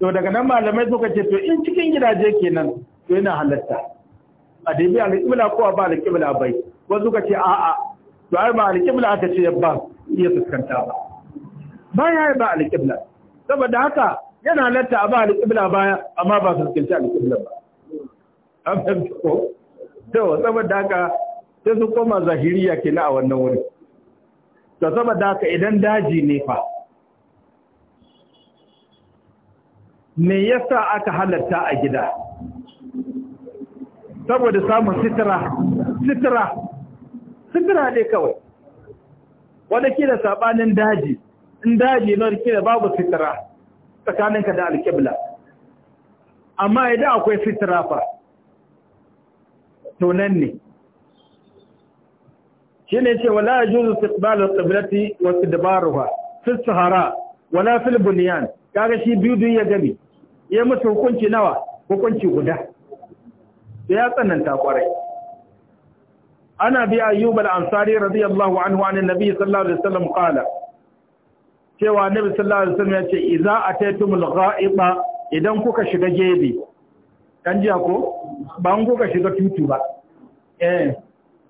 to daga nan malamai suka ce to in cikin gidaje kenan to yana halatta a dai bi alƙibla ko ba alƙibla bai wasu suka ce a'a to ai ba alƙibla aka ce ba iya fuskanta ba ba ya ba alƙibla saboda haka yana halatta a ba alƙibla baya amma ba fuskanta alƙibla ba an ko to saboda haka sai su koma zahiriya kenan a wannan wuri to saboda haka idan daji ne fa me yasa aka halatta a gida saboda samun sitira sitira sitira ne kawai wanda ke da sabanin daji in daji na ke da babu sitira tsakaninka da alkibla amma idan akwai sitira fa to nan ne shi ne ce wala ya juzu istiqbalar tsibirai wasu dabaruwa fi sahara wala fil bunyan kaga shi biyu biyu ya gami ya mutu hukunci nawa hukunci guda sai ya tsananta kwarai ana bi ayyub al-ansari radiyallahu anhu an annabi sallallahu alaihi wasallam qala cewa nabi sallallahu alaihi wasallam yace idza ataytumul ghaiba idan kuka shiga jebi kan jiya ko ba an kuka shiga tutu ba eh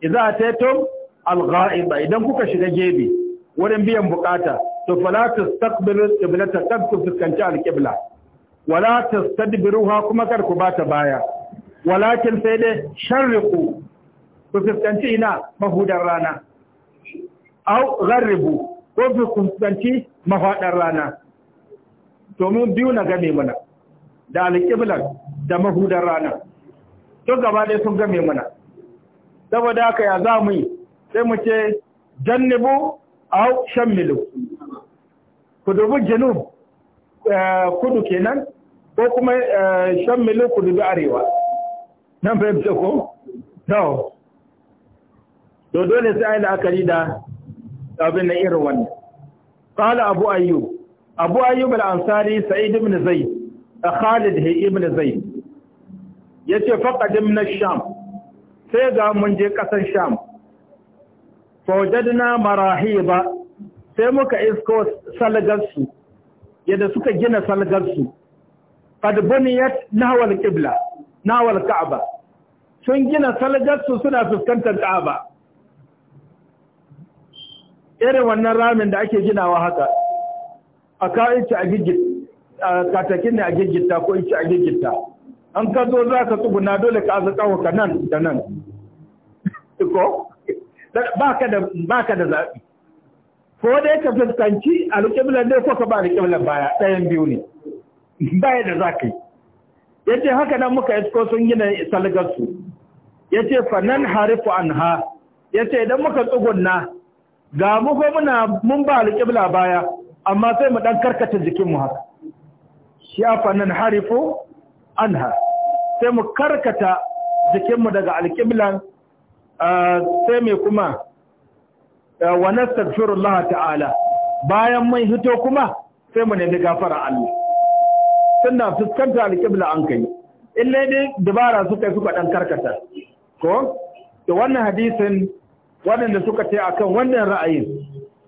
idza ataytum al-ghaiba idan kuka shiga jebi wurin biyan bukata to fala tastaqbilu qiblata fi fuskanci al-qibla wala tastadbiruha kuma kar ku bata baya walakin sai dai sharriqu ku fuskanci ina mahudar rana au gharribu ko fuskanci mahadar rana To mun biyu na game mana da alƙiblar da mahudar rana to gaba dai sun game mana saboda haka ya za mu yi sai mu ce jannibu au shammilu ku dubi janub eh, kudu kenan ko kuma eh, shan milin ku dubi arewa nan fahimta ko? no to dole sai ayi akari da abin na irin wannan qala abu ayyub abu ayyub al-ansari sa'id ibn zayd khalid ibn zayd yace na sham sai ga mun je kasar sham marahi marahiba sai muka isko salgarsu yadda suka gina salgarsu qad buniyat nahwa al-qibla nahwa al-ka'ba sun gina salajarsu suna fuskantar ka'aba irin wannan ramin da ake ginawa haka a kawo ci a gigit a katakin ne a gigita ko ci a gigita an ka zo za ka tsuguna dole ka aza kawo nan da nan ko ba ka da zaɓi ko dai ka fuskanci alƙiblar dai ko ka ba alƙiblar baya ɗayan biyu ne baya da za ka yi ya ce haka nan muka isko sun gina salgarsu ya ce fanan harifu an ha ya ce idan muka tsugunna ga muka muna mun ba alƙibla baya amma sai mu ɗan karkata jikinmu haka shi a fanan harifu an ha sai mu karkata jikinmu daga alƙiblan sai mai kuma wa nastaghfirullah ta'ala bayan mun hito kuma sai mu nemi gafara Allah tunda fuskanta alƙibla an kai illa dai dabara suka suka dan karkata ko to wannan hadisin waɗanda suka ce akan wannan ra'ayin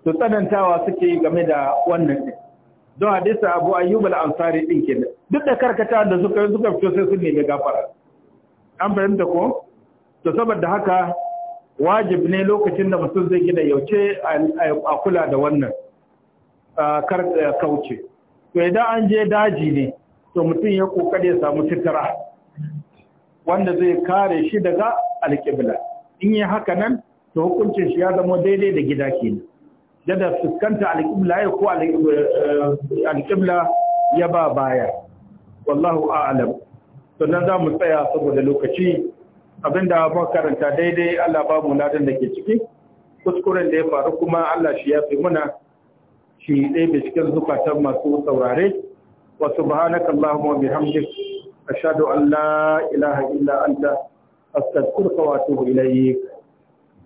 to tsanantawa suke game da wannan don hadisa abu ayyub al-ansari din kenan duk da karkata da suka yi, suka fito sai sun nemi gafara an fahimta ko to saboda haka wajib ne lokacin da mutum zai gina yauce a kula da wannan kauce to idan an je daji ne to mutum ya kokare ya samu sitara wanda zai kare shi daga alƙibla in yi haka nan to hukuncin shi ya zama daidai da gida kenan da fuskanta alƙibla ya ko eh, alƙibla ya ba baya wallahu ALA. sannan za mu tsaya saboda lokaci abinda ba karanta daidai Allah ba mu ladan da ke ciki kuskuren da ya faru kuma Allah shi ya fi muna shi ɗaya cikin zukatan masu saurare wa subhanaka wa bihamdik ashhadu an la ilaha illa anta astaghfiruka wa atubu ilayk